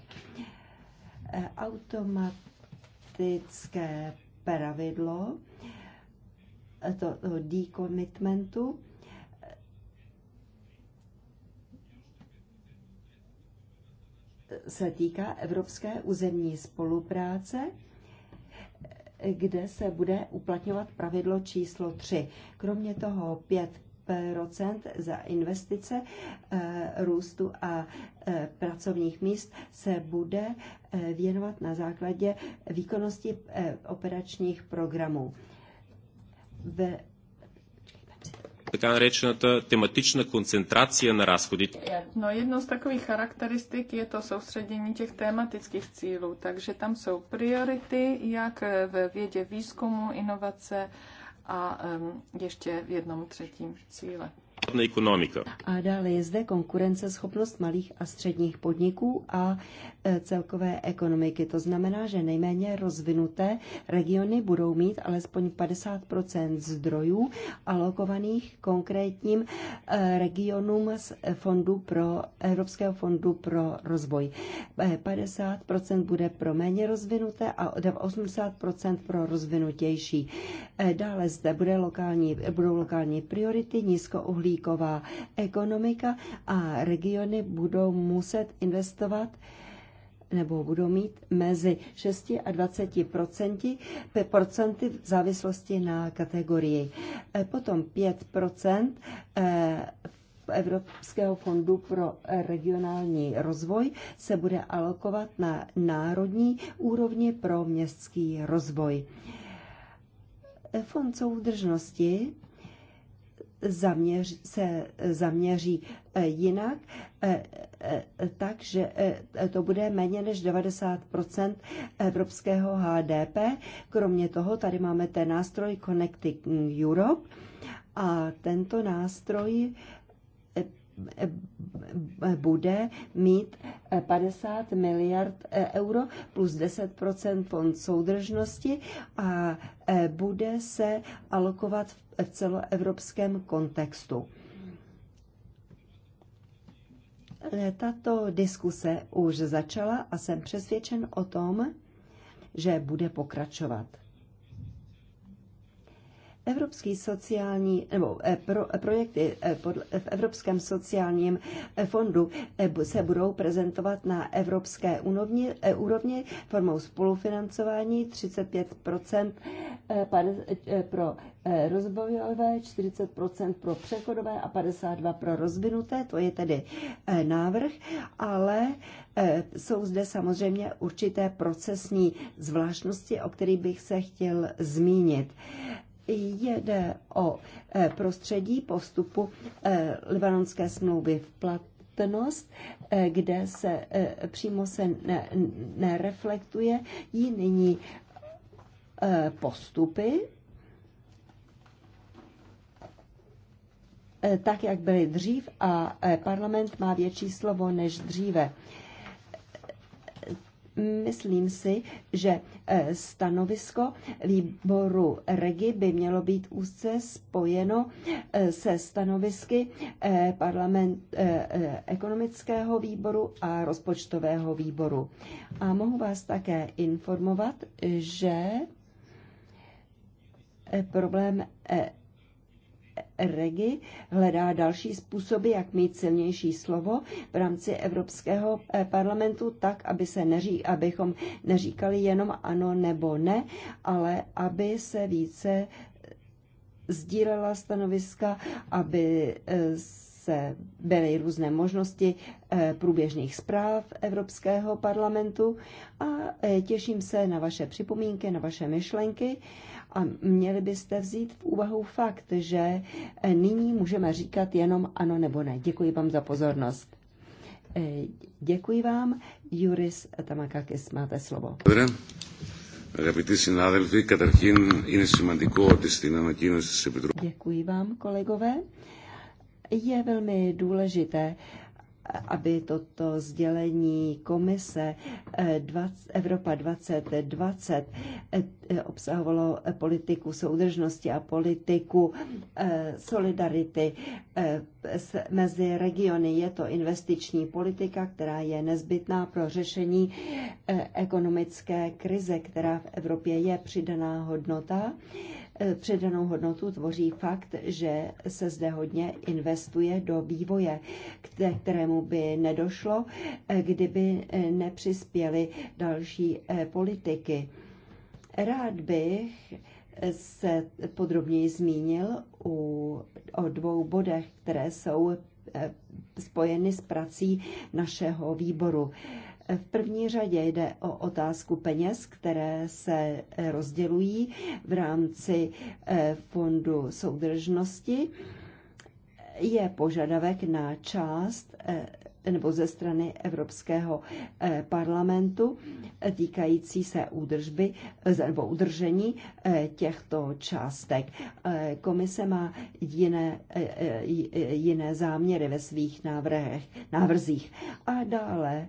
automatické pravidlo toho decommitmentu, se týká evropské územní spolupráce, kde se bude uplatňovat pravidlo číslo 3. Kromě toho 5 za investice eh, růstu a eh, pracovních míst se bude eh, věnovat na základě výkonnosti operačních programů. Ve така to tematická koncentrace na rozchody. No, jednou z takových charakteristik je to soustředění těch tematických cílů, takže tam jsou priority, jak ve vědě výzkumu, inovace, a ještě v jednom třetím cíle. A dále je zde konkurence schopnost malých a středních podniků a e, celkové ekonomiky. To znamená, že nejméně rozvinuté regiony budou mít alespoň 50 zdrojů alokovaných konkrétním e, regionům z fondu pro, Evropského fondu pro rozvoj. 50 e, bude pro méně rozvinuté a 80 pro rozvinutější. Dále zde bude lokální, budou lokální priority, nízkouhlí uhlíková ekonomika a regiony budou muset investovat nebo budou mít mezi 6 a 20 procenty, procenty v závislosti na kategorii. E, potom 5 e, Evropského fondu pro regionální rozvoj se bude alokovat na národní úrovni pro městský rozvoj. E, fond soudržnosti zaměř, se eh, zaměří eh, jinak, eh, takže to bude méně než 90 evropského HDP. Kromě toho tady máme ten nástroj Connecting Europe a tento nástroj bude mít 50 miliard e, euro plus 10 fond soudržnosti a e, bude se alokovat v celoevropském kontextu. Tato diskuse už začala a jsem přesvědčen o tom, že bude pokračovat. Evropský sociální, nebo eh, pro, eh, projekty eh, v Evropském sociálním fondu se budou prezentovat na evropské úrovni, úrovni formou spolufinancování 35 pro rozvojové, 40 pro přechodové a 52 pro rozvinuté. To je tedy návrh, ale jsou zde samozřejmě určité procesní zvláštnosti, o kterých bych se chtěl zmínit jde o e, prostředí postupu e, libanonské smlouvy v platnost, e, kde se přímo se nereflektuje ji nyní postupy, tak, jak byly dřív a parlament má větší slovo než dříve. Myslím si, že eh, stanovisko výboru REGI by mělo být úzce spojeno eh, se stanovisky eh, parlament, ekonomického výboru a rozpočtového výboru. A mohu vás také informovat, že problém Regi hledá další způsoby, jak mít silnější slovo v rámci Evropského eh, parlamentu, tak, aby se neří, abychom neříkali jenom ano nebo ne, ale aby se více eh, sdílela stanoviska, aby eh, se byly různé možnosti průběžných zpráv Evropského parlamentu a těším se na vaše připomínky, na vaše myšlenky a měli byste vzít v úvahu fakt, že eh, nyní můžeme říkat jenom ano nebo ne. Děkuji vám za pozornost. Eh, děkuji vám. Juris Tamakakis, máte slovo. Dobré. Αγαπητοί συνάδελφοι, καταρχήν είναι σημαντικό ότι στην ανακοίνωση της Επιτροπής... Děkuji vám, kolegové. Je velmi důležité, aby toto sdělení komise eh, Evropa 2020 eh, obsahovalo politiku soudržnosti a politiku eh, solidarity mezi regiony. Je to investiční politika, která je nezbytná pro řešení ekonomické krize, která v Evropě je přidaná hodnota. Eh, předanou hodnotu tvoří fakt, že se zde hodně investuje do vývoje, kterému by nedošlo, eh, kdyby eh, nepřispěly další politiky. Rád bych se podrobněji zmínil u, o dvou bodech, které jsou spojeny s prací našeho výboru. V první řadě jde o otázku peněz, které se eh, rozdělují v rámci eh, fondu soudržnosti. Je požadavek na část eh, nebo ze strany Evropského parlamentu týkající se údržby nebo udržení těchto částek. Komise má jiné, jiné záměry ve svých návrhech, návrzích. A dále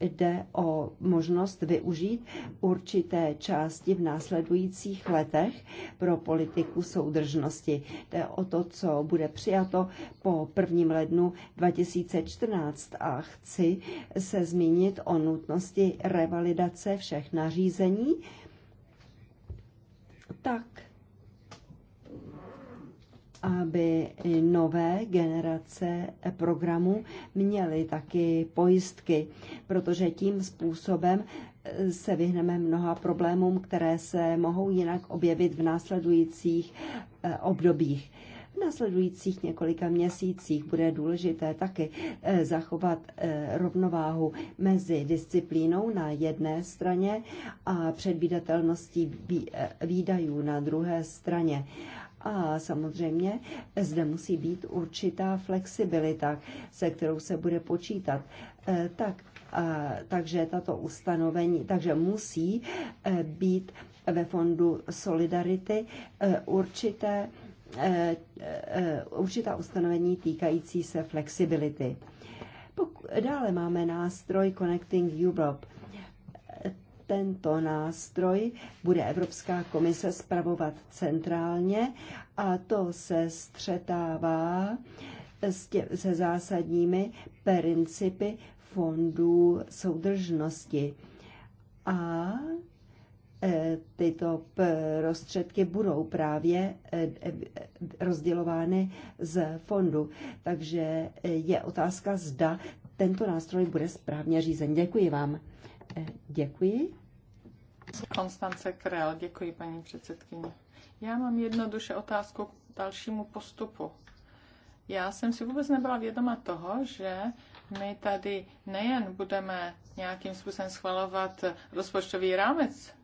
jde o možnost využít určité části v následujících letech pro politiku soudržnosti. Jde o to, co bude přijato po 1. lednu 2014 a chci se zmínit o nutnosti revalidace všech nařízení, tak aby nové generace programů měly taky pojistky, protože tím způsobem eh, se vyhneme mnoha problémům, které se mohou jinak objevit v následujících eh, obdobích. V následujících několika měsících bude důležité taky eh, zachovat rovnováhu mezi disciplínou na jedné straně a předvídatelností výdajů na druhé straně. A samozřejmě zde musí být určitá flexibilita, se kterou se bude počítat. E, tak, takže tato ustanovení, takže musí e, být ve fondu Solidarity e, určité, určitá ustanovení týkající se flexibility. Dále máme nástroj Connecting Europe – tento nástroj bude Evropská komise spravovat centrálně a to se střetává se zásadními principy fondů soudržnosti. A e, tyto prostředky budou právě e, e, rozdělovány z fondu. Takže je otázka, zda tento nástroj bude správně řízen. Děkuji vám. E, děkuji. Konstance Krel, děkuji paní předsedkyně. Já mám jednoduše otázku k dalšímu postupu. Já jsem si vůbec nebyla vědoma toho, že my tady nejen budeme nějakým způsobem schvalovat rozpočtový rámec,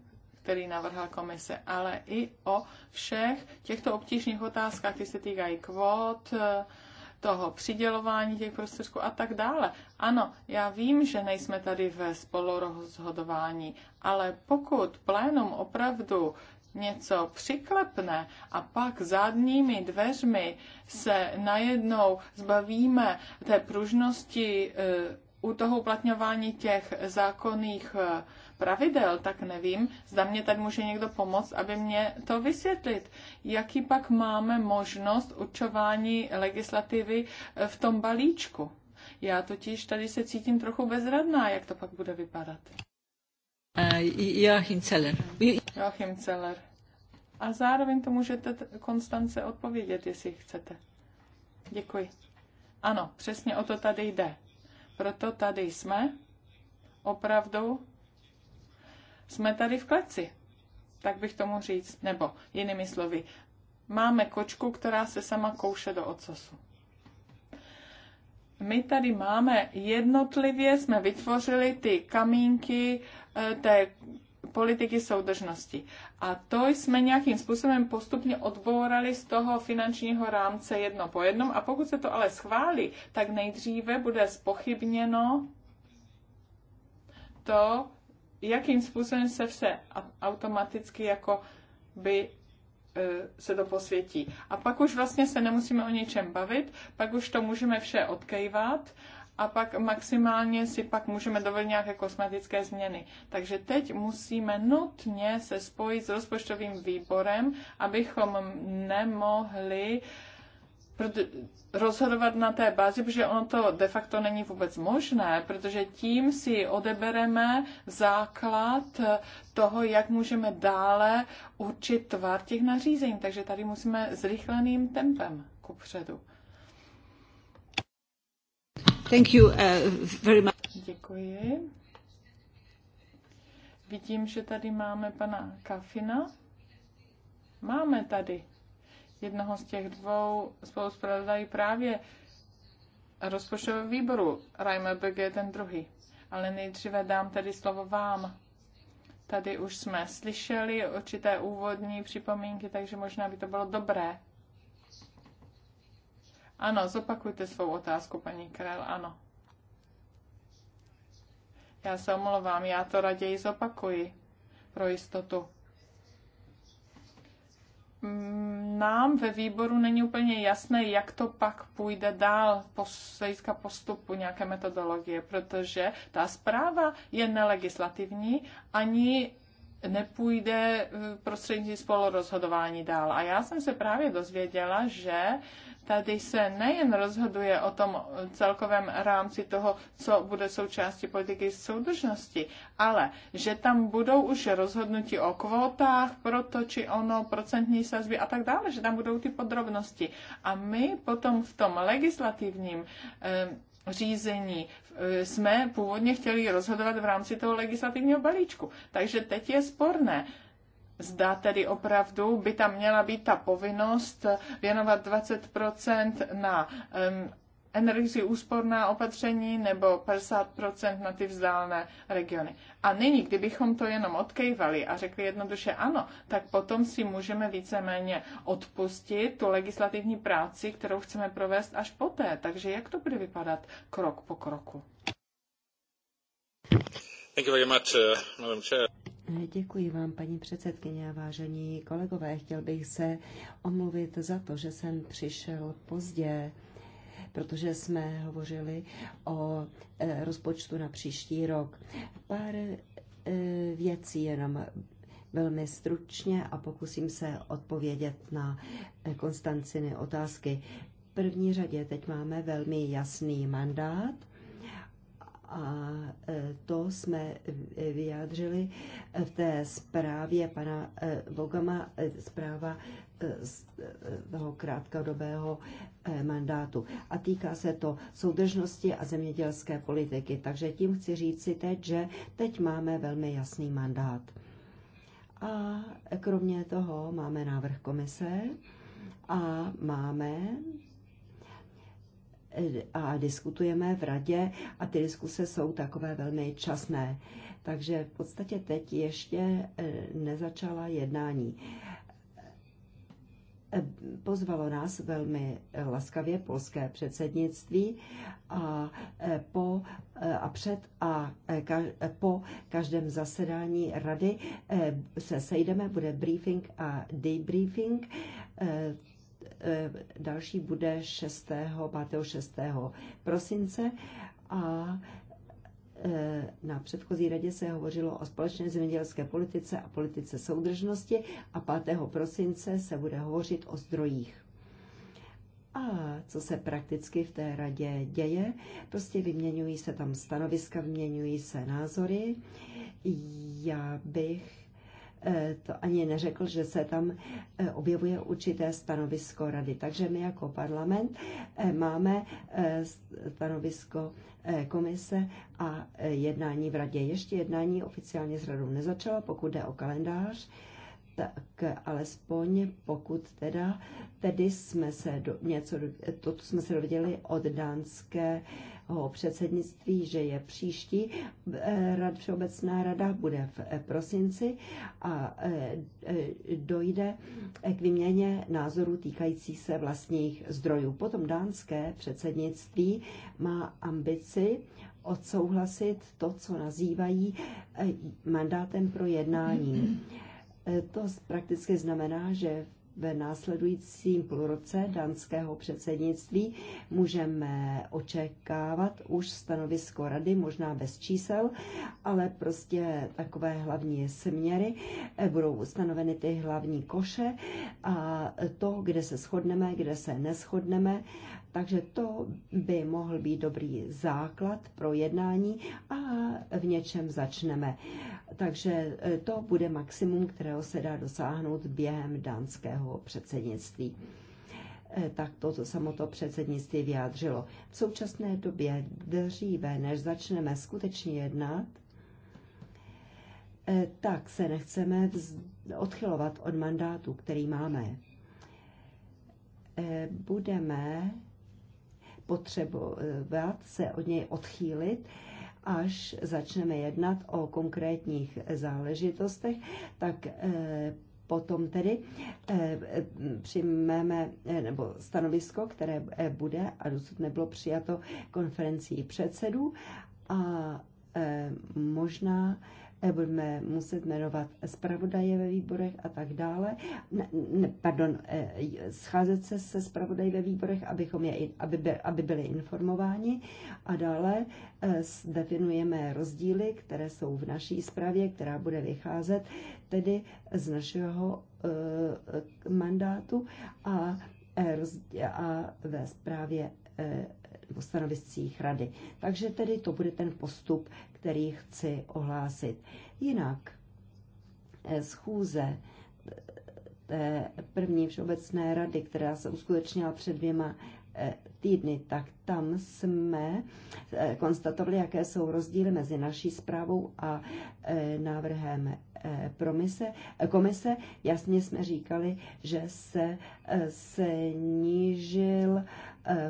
který navrhla komise, ale i o všech těchto obtížných otázkách, které se týkají kvót, toho přidělování těch prostředků a tak dále. Ano, já vím, že nejsme tady ve spolurozhodování, ale pokud plénum opravdu něco přiklepne a pak zadními dveřmi se najednou zbavíme té pružnosti eh, u toho uplatňování těch zákonných eh, pravidel, tak nevím, zda mě tady může někdo pomoct, aby mě to vysvětlit. Jaký pak máme možnost učování legislativy eh, v tom balíčku? Já totiž tady se cítím trochu bezradná, jak to pak bude vypadat. Eh, Joachim Celer. Joachim Celer. A zároveň to můžete Konstance odpovědět, jestli chcete. Děkuji. Ano, přesně o to tady jde. Proto tady jsme opravdu jsme tady v kleci. Tak bych tomu říct. Nebo jinými slovy, máme kočku, která se sama kouše do ocasu. My tady máme jednotlivě, jsme vytvořili ty kamínky eh, té politiky soudržnosti. A to jsme nějakým způsobem postupně odbourali z toho finančního rámce jedno po jednom. A pokud se to ale schválí, tak nejdříve bude spochybněno to, jakým způsobem se vše automaticky jako by e, se to posvětí. A pak už vlastně se nemusíme o ničem bavit, pak už to můžeme vše odkejvat a pak maximálně si pak můžeme dovolit nějaké kosmetické změny. Takže teď musíme nutně se spojit s rozpočtovým výborem, abychom nemohli uh, rozhodovat na té bázi, protože ono to de facto není vůbec možné, protože tím si odebereme základ toho, jak můžeme dále určit tvar těch nařízení. Takže tady musíme zrychleným tempem kupředu. Thank you uh, very much. Děkuji. Vidím, že tady máme pana Kafina. Máme tady jednoho z těch dvou spoluzpravodají právě rozpočtového výboru. Rajme BG je ten druhý. Ale nejdříve dám tedy slovo vám. Tady už jsme slyšeli určité úvodní připomínky, takže možná by to bylo dobré. Ano, zopakujte svou otázku, paní Krel, ano. Já se omlouvám, já to raději zopakuji pro jistotu nám ve výboru není úplně jasné, jak to pak půjde dál z hlediska postupu nějaké metodologie, protože ta zpráva je nelegislativní, ani nepůjde eh, prostřednictvím spolurozhodování dál. A já jsem se právě dozvěděla, že Tady se nejen rozhoduje o tom celkovém rámci toho, co bude součástí politiky soudržnosti, ale že tam budou už rozhodnutí o kvótách proto či ono, procentní sazby a tak dále, že tam budou ty podrobnosti. A my potom v tom legislativním eh, řízení eh, jsme původně chtěli rozhodovat v rámci toho legislativního balíčku. Takže teď je sporné, Zda tedy opravdu by tam měla být ta povinnost věnovat 20 na um, energii úsporná opatření nebo 50% na ty vzdálené regiony. A nyní, kdybychom to jenom odkejvali a řekli jednoduše ano, tak potom si můžeme víceméně odpustit tu legislativní práci, kterou chceme provést až poté. Takže jak to bude vypadat krok po kroku? Thank you very much, uh, Madam Chair. Děkuji vám, paní předsedkyně a vážení kolegové. Chtěl bych se omluvit za to, že jsem přišel pozdě, protože jsme hovořili o e, rozpočtu na příští rok. Pár e, věcí jenom velmi stručně a pokusím se odpovědět na e, Konstanciny otázky. V první řadě teď máme velmi jasný mandát – a e, to jsme vyjádřili v té zprávě pana e, Vogama, e, zpráva z toho krátkodobého mandátu. A týká se to soudržnosti a zemědělské politiky. Takže tím chci říct si teď, že teď máme velmi jasný mandát. A kromě toho máme návrh komise a máme a diskutujeme v radě a ty diskuse jsou takové velmi časné. Takže v podstatě teď ještě eh, nezačala jednání. Eh, pozvalo nás velmi laskavě polské předsednictví a, eh, po, a před a po každém zasedání rady se sejdeme, bude briefing a debriefing Eh, další bude 6. 5. 6. prosince a eh, na předchozí radě se hovořilo o společné zemědělské politice a politice soudržnosti a 5. prosince se bude hovořit o zdrojích. A co se prakticky v té radě děje? Prostě vyměňují se tam stanoviska, vyměňují se názory. Já bych E, to ani neřekl, že se tam e, objevuje určité stanovisko rady. Takže my jako parlament e, máme stanovisko komise a jednání v radě. Ještě jednání oficiálně s radou nezačalo, pokud jde o kalendář tak alespoň pokud teda, tedy jsme se do, něco, to, co jsme se dověděli od dánské eh, o předsednictví, že je příští. Eh, rad, Všeobecná rada bude v eh, prosinci a eh, dojde k výměně názorů týkající se vlastních zdrojů. Potom dánské předsednictví má ambici odsouhlasit to, co nazývají mandátem pro jednání. To prakticky znamená, že v ve následujícím půlroce dánského předsednictví můžeme očekávat už stanovisko rady, možná bez čísel, ale prostě takové hlavní směry. Budou stanoveny ty hlavní koše a to, kde se shodneme, kde se neschodneme takže to by mohl být dobrý základ pro jednání a v něčem začneme. Takže e, to bude maximum, kterého se dá dosáhnout během dánského předsednictví e, tak to samo to předsednictví vyjádřilo. V současné době dříve, než začneme skutečně jednat, e, tak se nechceme odchylovat od mandátu, který máme. Budeme potřebovat eh, se od něj odchýlit, až začneme jednat o konkrétních eh, záležitostech, tak eh, potom tedy přijmeme nebo stanovisko, které bude a dosud nebylo přijato konferencí předsedů a možná Eh, budeme muset jmenovat zpravodaje ve výborech a tak dále. Ne, ne, pardon, eh, scházet se se zpravodaji ve výborech, abychom je, aby, by, aby byli informováni. A dále eh, definujeme rozdíly, které jsou v naší zprávě, která bude vycházet tedy z našeho mandátu a, a ve zprávě nebo stanoviscích rady. Takže tedy to bude ten postup, který chci ohlásit. Jinak eh, schůze eh, té první všeobecné rady, která se uskutečnila před dvěma eh, týdny, tak tam jsme konstatovali, jaké jsou rozdíly mezi naší zprávou a návrhem Eh, promise, eh, komise. Jasně jsme říkali, že se eh, snížil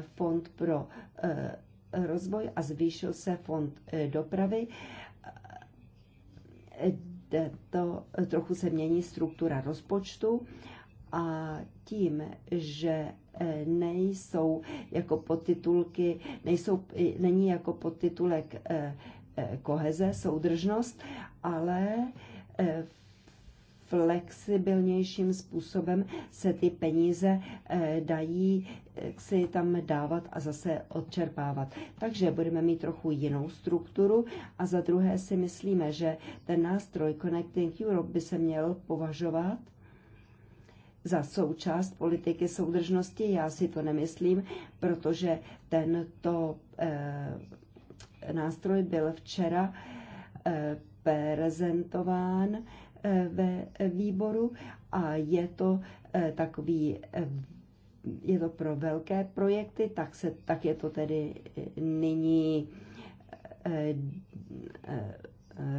fond pro rozvoj a zvýšil se fond dopravy. To trochu se mění struktura rozpočtu a tím, že nejsou jako podtitulky, nejsou, není jako podtitulek koheze, soudržnost, ale Eh, flexibilnějším způsobem se ty peníze eh, dají eh, si tam dávat a zase odčerpávat. Takže budeme mít trochu jinou strukturu a za druhé si myslíme, že ten nástroj Connecting Europe by se měl považovat za součást politiky soudržnosti. Já si to nemyslím, protože tento eh, nástroj byl včera prezentován eh, ve výboru a je to eh, takový eh, je to pro velké projekty, tak, se, tak je to tedy nyní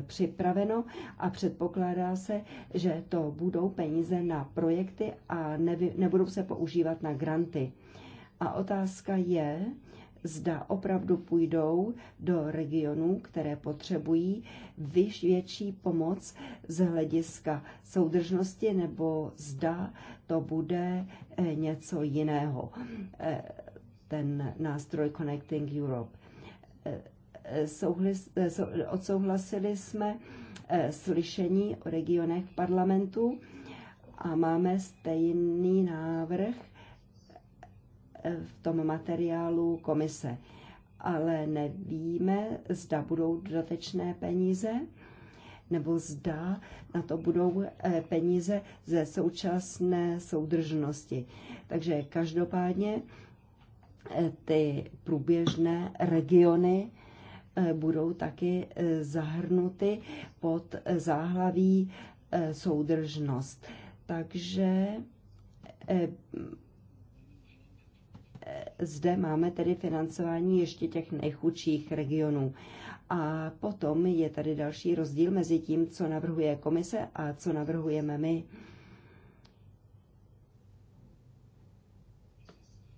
připraveno a předpokládá se, že to budou peníze na projekty a nevy, nebudou se používat na granty. A otázka je, zda opravdu půjdou do regionů, které potřebují vyš větší pomoc z hlediska soudržnosti, nebo zda to bude eh, něco jiného, eh, ten nástroj Connecting Europe. Eh, odsouhlasili jsme slyšení o regionech parlamentu a máme stejný návrh v tom materiálu komise. Ale nevíme, zda budou dodatečné peníze, nebo zda na to budou eh, peníze ze současné soudržnosti. Takže každopádně eh, ty průběžné regiony eh, budou taky zahrnuty pod záhlaví soudržnost. Takže zde máme tedy financování ještě těch nejchudších regionů. A potom je tady další rozdíl mezi tím, co navrhuje komise a co navrhujeme my.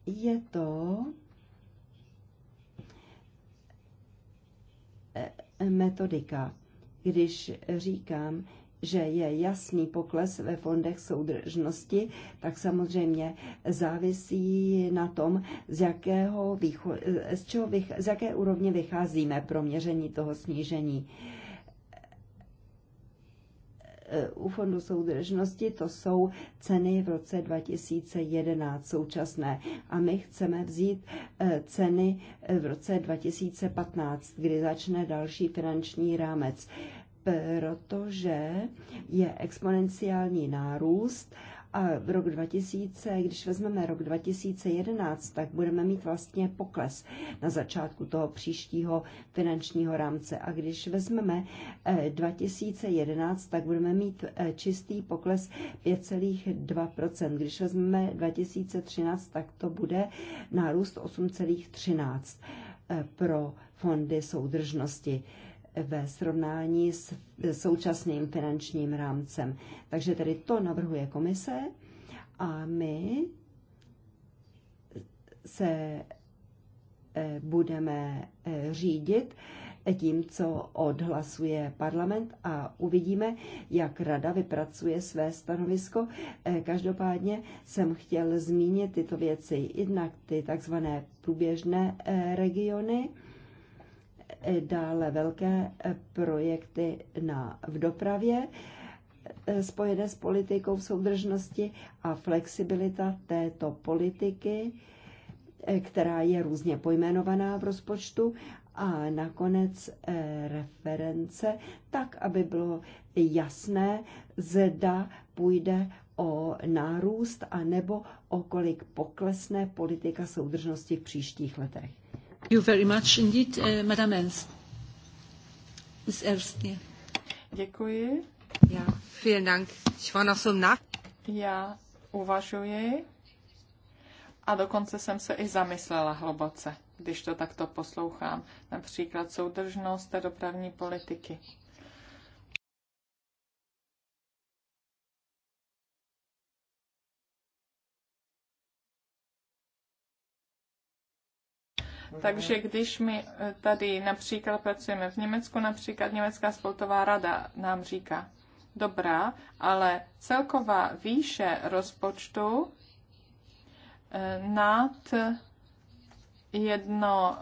Je to eh, metodika. Když říkám, že je jasný pokles ve fondech soudržnosti, tak samozřejmě závisí na tom, z, jakého výcho, z, čeho vych, z jaké úrovně vycházíme pro měření toho snížení. U Fondu soudržnosti to jsou ceny v roce 2011 současné a my chceme vzít eh, ceny v roce 2015, kdy začne další finanční rámec protože je exponenciální nárůst a v rok 2000, když vezmeme rok 2011, tak budeme mít vlastně pokles na začátku toho příštího finančního rámce. A když vezmeme 2011, eh, tak budeme mít eh, čistý pokles 5,2%. Když vezmeme 2013, tak to bude nárůst 8,13% eh, pro fondy soudržnosti ve srovnání s současným finančním rámcem. Takže tedy to navrhuje komise a my se eh, budeme eh, řídit tím, co odhlasuje parlament a uvidíme, jak rada vypracuje své stanovisko. Eh, každopádně jsem chtěl zmínit tyto věci, jednak ty takzvané průběžné regiony, dále velké eh, projekty na, v dopravě eh, spojené s politikou soudržnosti a flexibilita této politiky, eh, která je různě pojmenovaná v rozpočtu a nakonec reference, tak, aby bylo jasné, zda půjde o nárůst a nebo o kolik poklesne politika soudržnosti v příštích letech you very much indeed, uh, Madame Ernst. Ms. Ernst, yeah. Děkuji. Ja, vielen Dank. Ich war noch so nach... Já uvažuji a dokonce jsem se i zamyslela hluboce, když to takto poslouchám. Například soudržnost té dopravní politiky. Takže když my eh, tady například pracujeme v Německu, například Německá spoltová rada nám říká, dobrá, ale celková výše rozpočtu eh, nad eh, jedno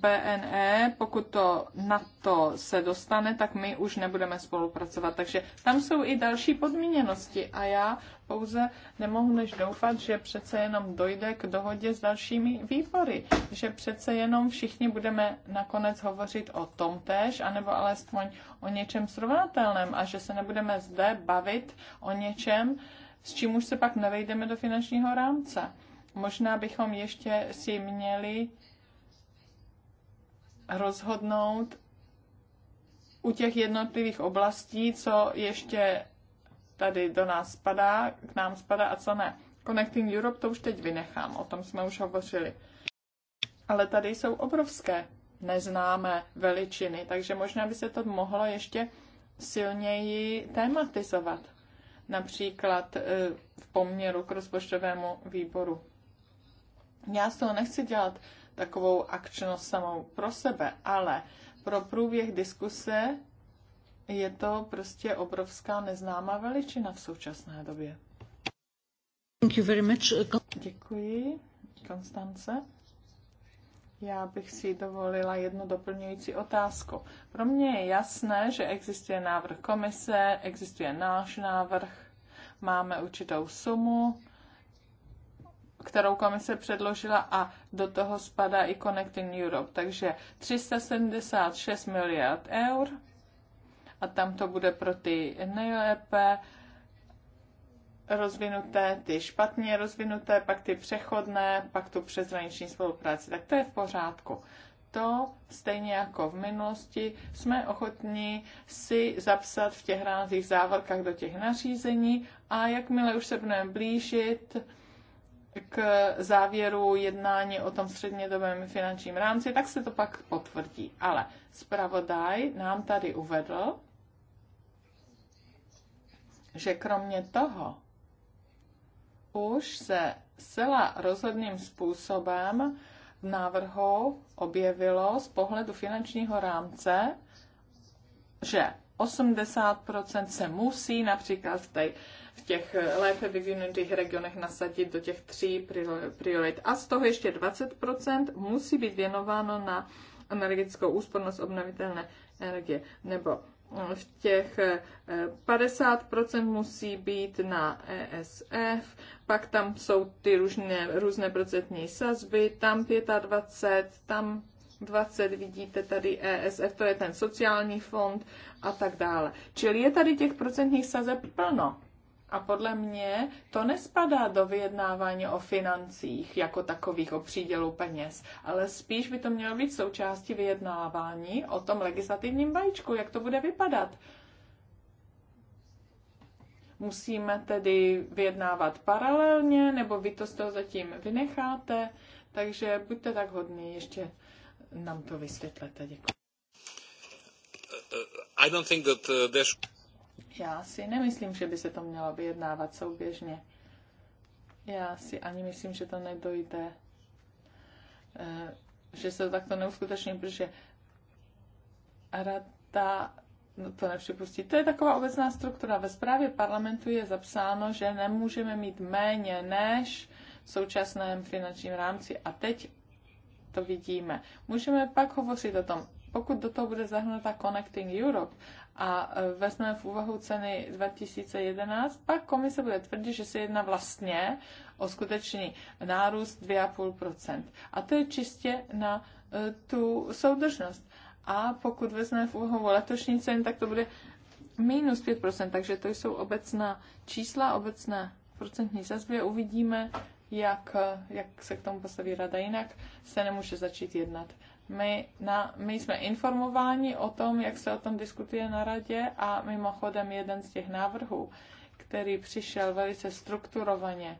PNE, pokud to na to se dostane, tak my už nebudeme spolupracovat. Takže tam jsou i další podmíněnosti a já pouze nemohu než doufat, že přece jenom dojde k dohodě s dalšími výbory, že přece jenom všichni budeme nakonec hovořit o tom též, anebo alespoň o něčem srovnatelném a že se nebudeme zde bavit o něčem, s čím už se pak nevejdeme do finančního rámce. Možná bychom ještě si měli rozhodnout u těch jednotlivých oblastí, co ještě tady do nás spadá, k nám spadá a co ne. Connecting Europe to už teď vynechám, o tom jsme už hovořili. Ale tady jsou obrovské neznámé veličiny, takže možná by se to mohlo ještě silněji tématizovat. Například e, v poměru k rozpočtovému výboru. Já z toho nechci dělat takovou akčnost samou pro sebe, ale pro průběh diskuse je to prostě obrovská neznámá veličina v současné době. Thank you very much. Děkuji, Konstance. Já bych si dovolila jednu doplňující otázku. Pro mě je jasné, že existuje návrh komise, existuje náš návrh, máme určitou sumu, kterou komise předložila a do toho spadá i Connecting Europe. Takže 376 miliard eur a tam to bude pro ty nejlépe rozvinuté, ty špatně rozvinuté, pak ty přechodné, pak tu přeshraniční spolupráci. Tak to je v pořádku. To, stejně jako v minulosti, jsme ochotní si zapsat v těch rázích závorkách do těch nařízení a jakmile už se budeme blížit, k závěru jednání o tom střednědobém finančním rámci, tak se to pak potvrdí. Ale zpravodaj nám tady uvedl, že kromě toho už se zcela rozhodným způsobem v návrhu objevilo z pohledu finančního rámce, že 80% se musí například v té v těch lépe vyvinutých regionech nasadit do těch tří priorit. A z toho ještě 20% musí být věnováno na energetickou úspornost obnovitelné energie. Nebo eh, v těch 50% eh, musí být na ESF, pak tam jsou ty různé, různé procentní sazby, tam 25, tam 20, vidíte tady ESF, to je ten sociální fond a tak dále. Čili je tady těch procentních sazeb plno. A podle mě to nespadá do vyjednávání o financích jako takových, o přídělu peněz, ale spíš by to mělo být součástí vyjednávání o tom legislativním balíčku, jak to bude vypadat. Musíme tedy vyjednávat paralelně, nebo vy to z toho zatím vynecháte, takže buďte tak hodní, ještě nám to vysvětlete. Děkuji. Uh, uh, I don't think that uh, there should... Já si nemyslím, že by se to mělo vyjednávat souběžně. Já si ani myslím, že to nedojde, eh, že se to takto neuskuteční, protože rada no to nepřipustí. To je taková obecná struktura. Ve zprávě parlamentu je zapsáno, že nemůžeme mít méně než v současném finančním rámci a teď to vidíme. Můžeme pak hovořit o tom, pokud do toho bude zahrnuta Connecting Europe a e, vezmeme v úvahu ceny 2011, pak komise bude tvrdit, že se jedná vlastně o skutečný nárůst 2,5%. A to je čistě na e, tu soudržnost. A pokud vezmeme v úvahu letošní ceny, tak to bude minus 5%, takže to jsou obecná čísla, obecné procentní sazby. Uvidíme, jak, e, jak se k tomu postaví rada. Jinak se nemůže začít jednat my, na, my jsme informováni o tom, jak se o tom diskutuje na radě a mimochodem jeden z těch návrhů, který přišel velice strukturovaně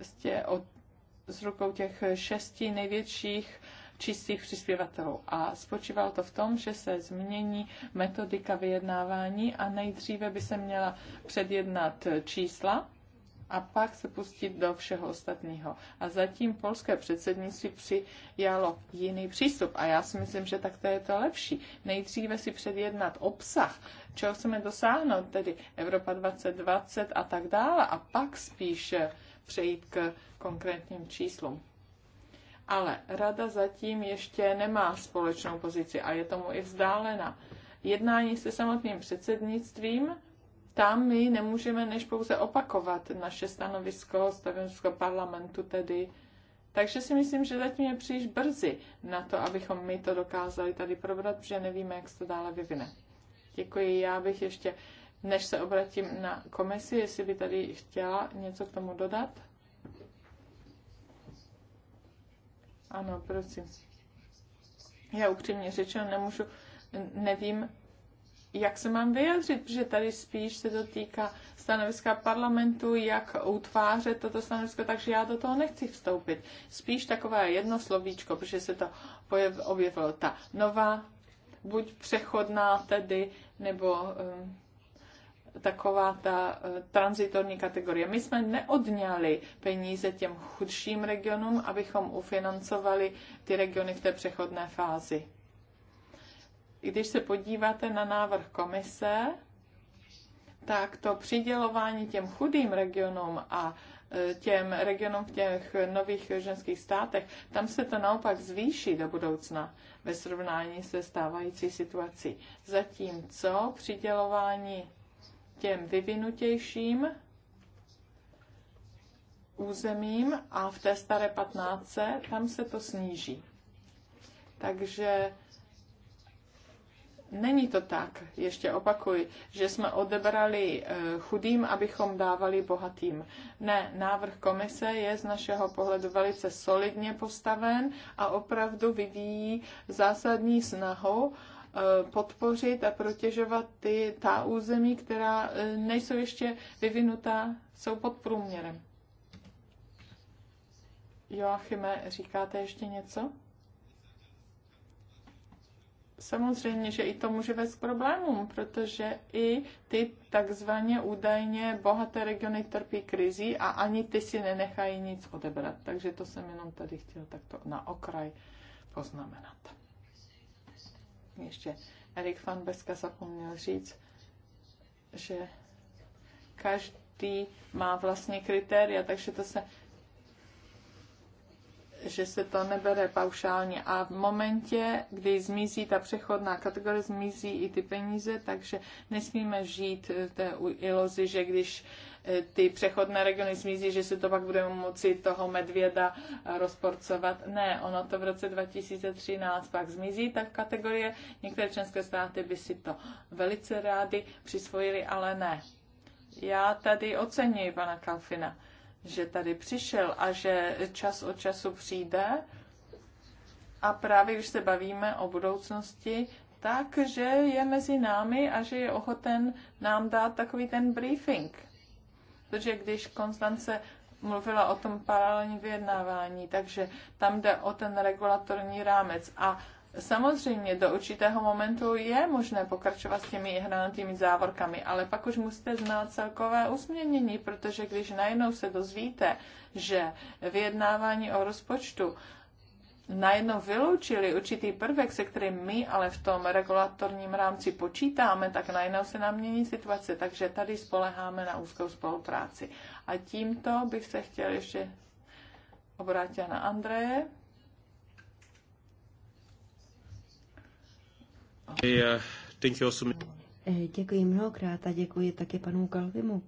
z, tě, od, z rukou těch šesti největších čistých přispěvatelů. A spočíval to v tom, že se změní metodika vyjednávání a nejdříve by se měla předjednat čísla, a pak se pustit do všeho ostatního. A zatím polské předsednictví přijalo jiný přístup a já si myslím, že tak to je to lepší. Nejdříve si předjednat obsah, čeho chceme dosáhnout, tedy Evropa 2020 a tak dále a pak spíše přejít k konkrétním číslům. Ale rada zatím ještě nemá společnou pozici a je tomu i vzdálena. Jednání se samotným předsednictvím tam my nemůžeme než pouze opakovat naše stanovisko, stanovisko parlamentu tedy. Takže si myslím, že zatím je příliš brzy na to, abychom my to dokázali tady probrat, protože nevíme, jak se to dále vyvine. Děkuji. Já bych ještě, než se obratím na komisi, jestli by tady chtěla něco k tomu dodat. Ano, prosím. Já upřímně řečeno nemůžu, nevím, jak se mám vyjádřit, protože tady spíš se to týká stanoviska parlamentu, jak utvářet toto stanovisko, takže já do toho nechci vstoupit. Spíš takové jedno slovíčko, protože se to objevilo ta nová, buď přechodná tedy, nebo um, taková ta uh, eh, transitorní kategorie. My jsme neodňali peníze těm chudším regionům, abychom ufinancovali ty regiony v té přechodné fázi když se podíváte na návrh komise, tak to přidělování těm chudým regionům a e, těm regionům v těch nových ženských státech, tam se to naopak zvýší do budoucna ve srovnání se stávající situací. Zatímco přidělování těm vyvinutějším územím a v té staré patnáce, tam se to sníží. Takže Není to tak, ještě opakuj, že jsme odebrali eh, chudým, abychom dávali bohatým. Ne, návrh komise je z našeho pohledu velice solidně postaven a opravdu vyvíjí zásadní snahu eh, podpořit a protěžovat ty, ta území, která eh, nejsou ještě vyvinutá, jsou pod průměrem. Joachime, říkáte ještě něco? Samozřejmě, že i to může vést k problémům, protože i ty takzvaně údajně bohaté regiony trpí krizí a ani ty si nenechají nic odebrat. Takže to jsem jenom tady chtěl takto na okraj poznamenat. Ještě Erik van Beska zapomněl říct, že každý má vlastně kritéria, takže to se že se to nebere paušálně. A v momentě, kdy zmizí ta přechodná kategorie, zmizí i ty peníze, takže nesmíme žít eh, té iluzi, že když eh, ty přechodné regiony zmizí, že se to pak budeme moci toho medvěda eh, rozporcovat. Ne, ono to v roce 2013 pak zmizí, tak kategorie. Některé členské státy by si to velice rády přisvojili, ale ne. Já tady oceňuji pana Kalfina že tady přišel a že čas od času přijde. A právě když se bavíme o budoucnosti, tak, že je mezi námi a že je ochoten nám dát takový ten briefing. Protože když Konstance mluvila o tom paralelní vyjednávání, takže tam jde o ten regulatorní rámec. A Samozřejmě do určitého momentu je možné pokračovat s těmi hranatými závorkami, ale pak už musíte znát celkové usměnění, protože když najednou se dozvíte, že vyjednávání o rozpočtu najednou vyloučili určitý prvek, se kterým my ale v tom regulatorním rámci počítáme, tak najednou se nám mění situace, takže tady spoleháme na úzkou spolupráci. A tímto bych se chtěl ještě obrátit na Andreje. Děkuji mnohokrát a děkuji také panu Kalvimu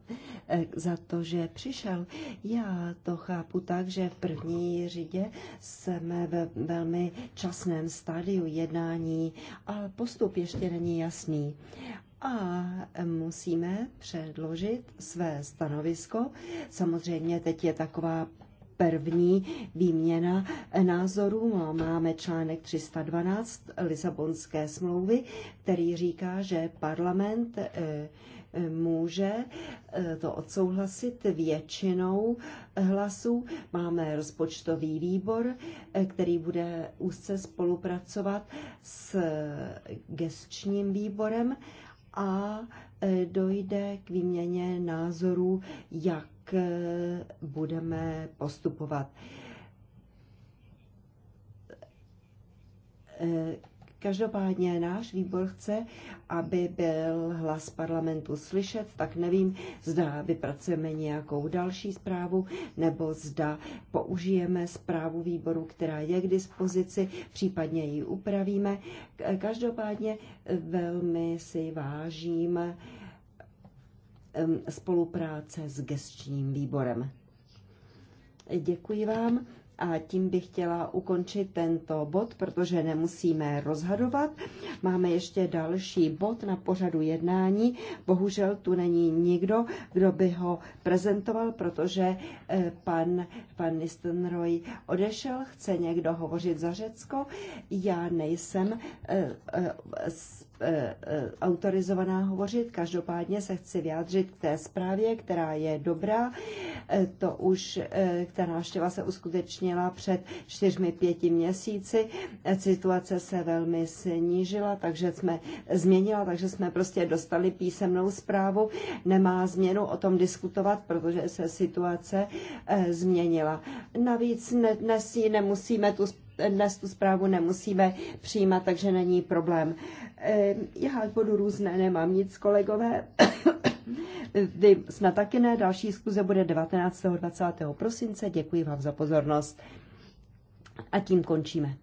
eh, za to, že přišel. Já to chápu tak, že v první řadě jsme ve velmi časném stádiu jednání a postup ještě není jasný a musíme předložit své stanovisko. Samozřejmě teď je taková první výměna názorů. Máme článek 312 Lisabonské smlouvy, který říká, že parlament eh, může eh, to odsouhlasit většinou hlasů. Máme rozpočtový výbor, eh, který bude úzce spolupracovat s gestčním výborem a dojde k výměně názorů jak Eh, budeme postupovat. Eh, každopádně náš výbor chce, aby byl hlas parlamentu slyšet, tak nevím, zda vypracujeme nějakou další zprávu, nebo zda použijeme zprávu výboru, která je k dispozici, případně ji upravíme. Každopádně eh, velmi si vážím spolupráce s gestčním výborem. Děkuji vám a tím bych chtěla ukončit tento bod, protože nemusíme rozhadovat. Máme ještě další bod na pořadu jednání. Bohužel tu není nikdo, kdo by ho prezentoval, protože eh, pan, pan Nistenroy odešel. Chce někdo hovořit za Řecko? Já nejsem eh, eh, E, e, autorizovaná hovořit. Každopádně se chci vyjádřit k té zprávě, která je dobrá. E, to už ta návštěva se uskutečnila před čtyřmi, pěti měsíci. Situace se velmi snížila, takže jsme změnila, takže jsme prostě dostali písemnou zprávu. Nemá změnu o tom diskutovat, protože se situace změnila. Navíc dnes ji nemusíme tu zprávu dnes tu zprávu nemusíme přijímat, takže není problém. Eh, já budu různé, nemám nic, kolegové. Vy snad taky ne, další zkuze bude 19. 20. prosince. Děkuji vám za pozornost. A tím končíme.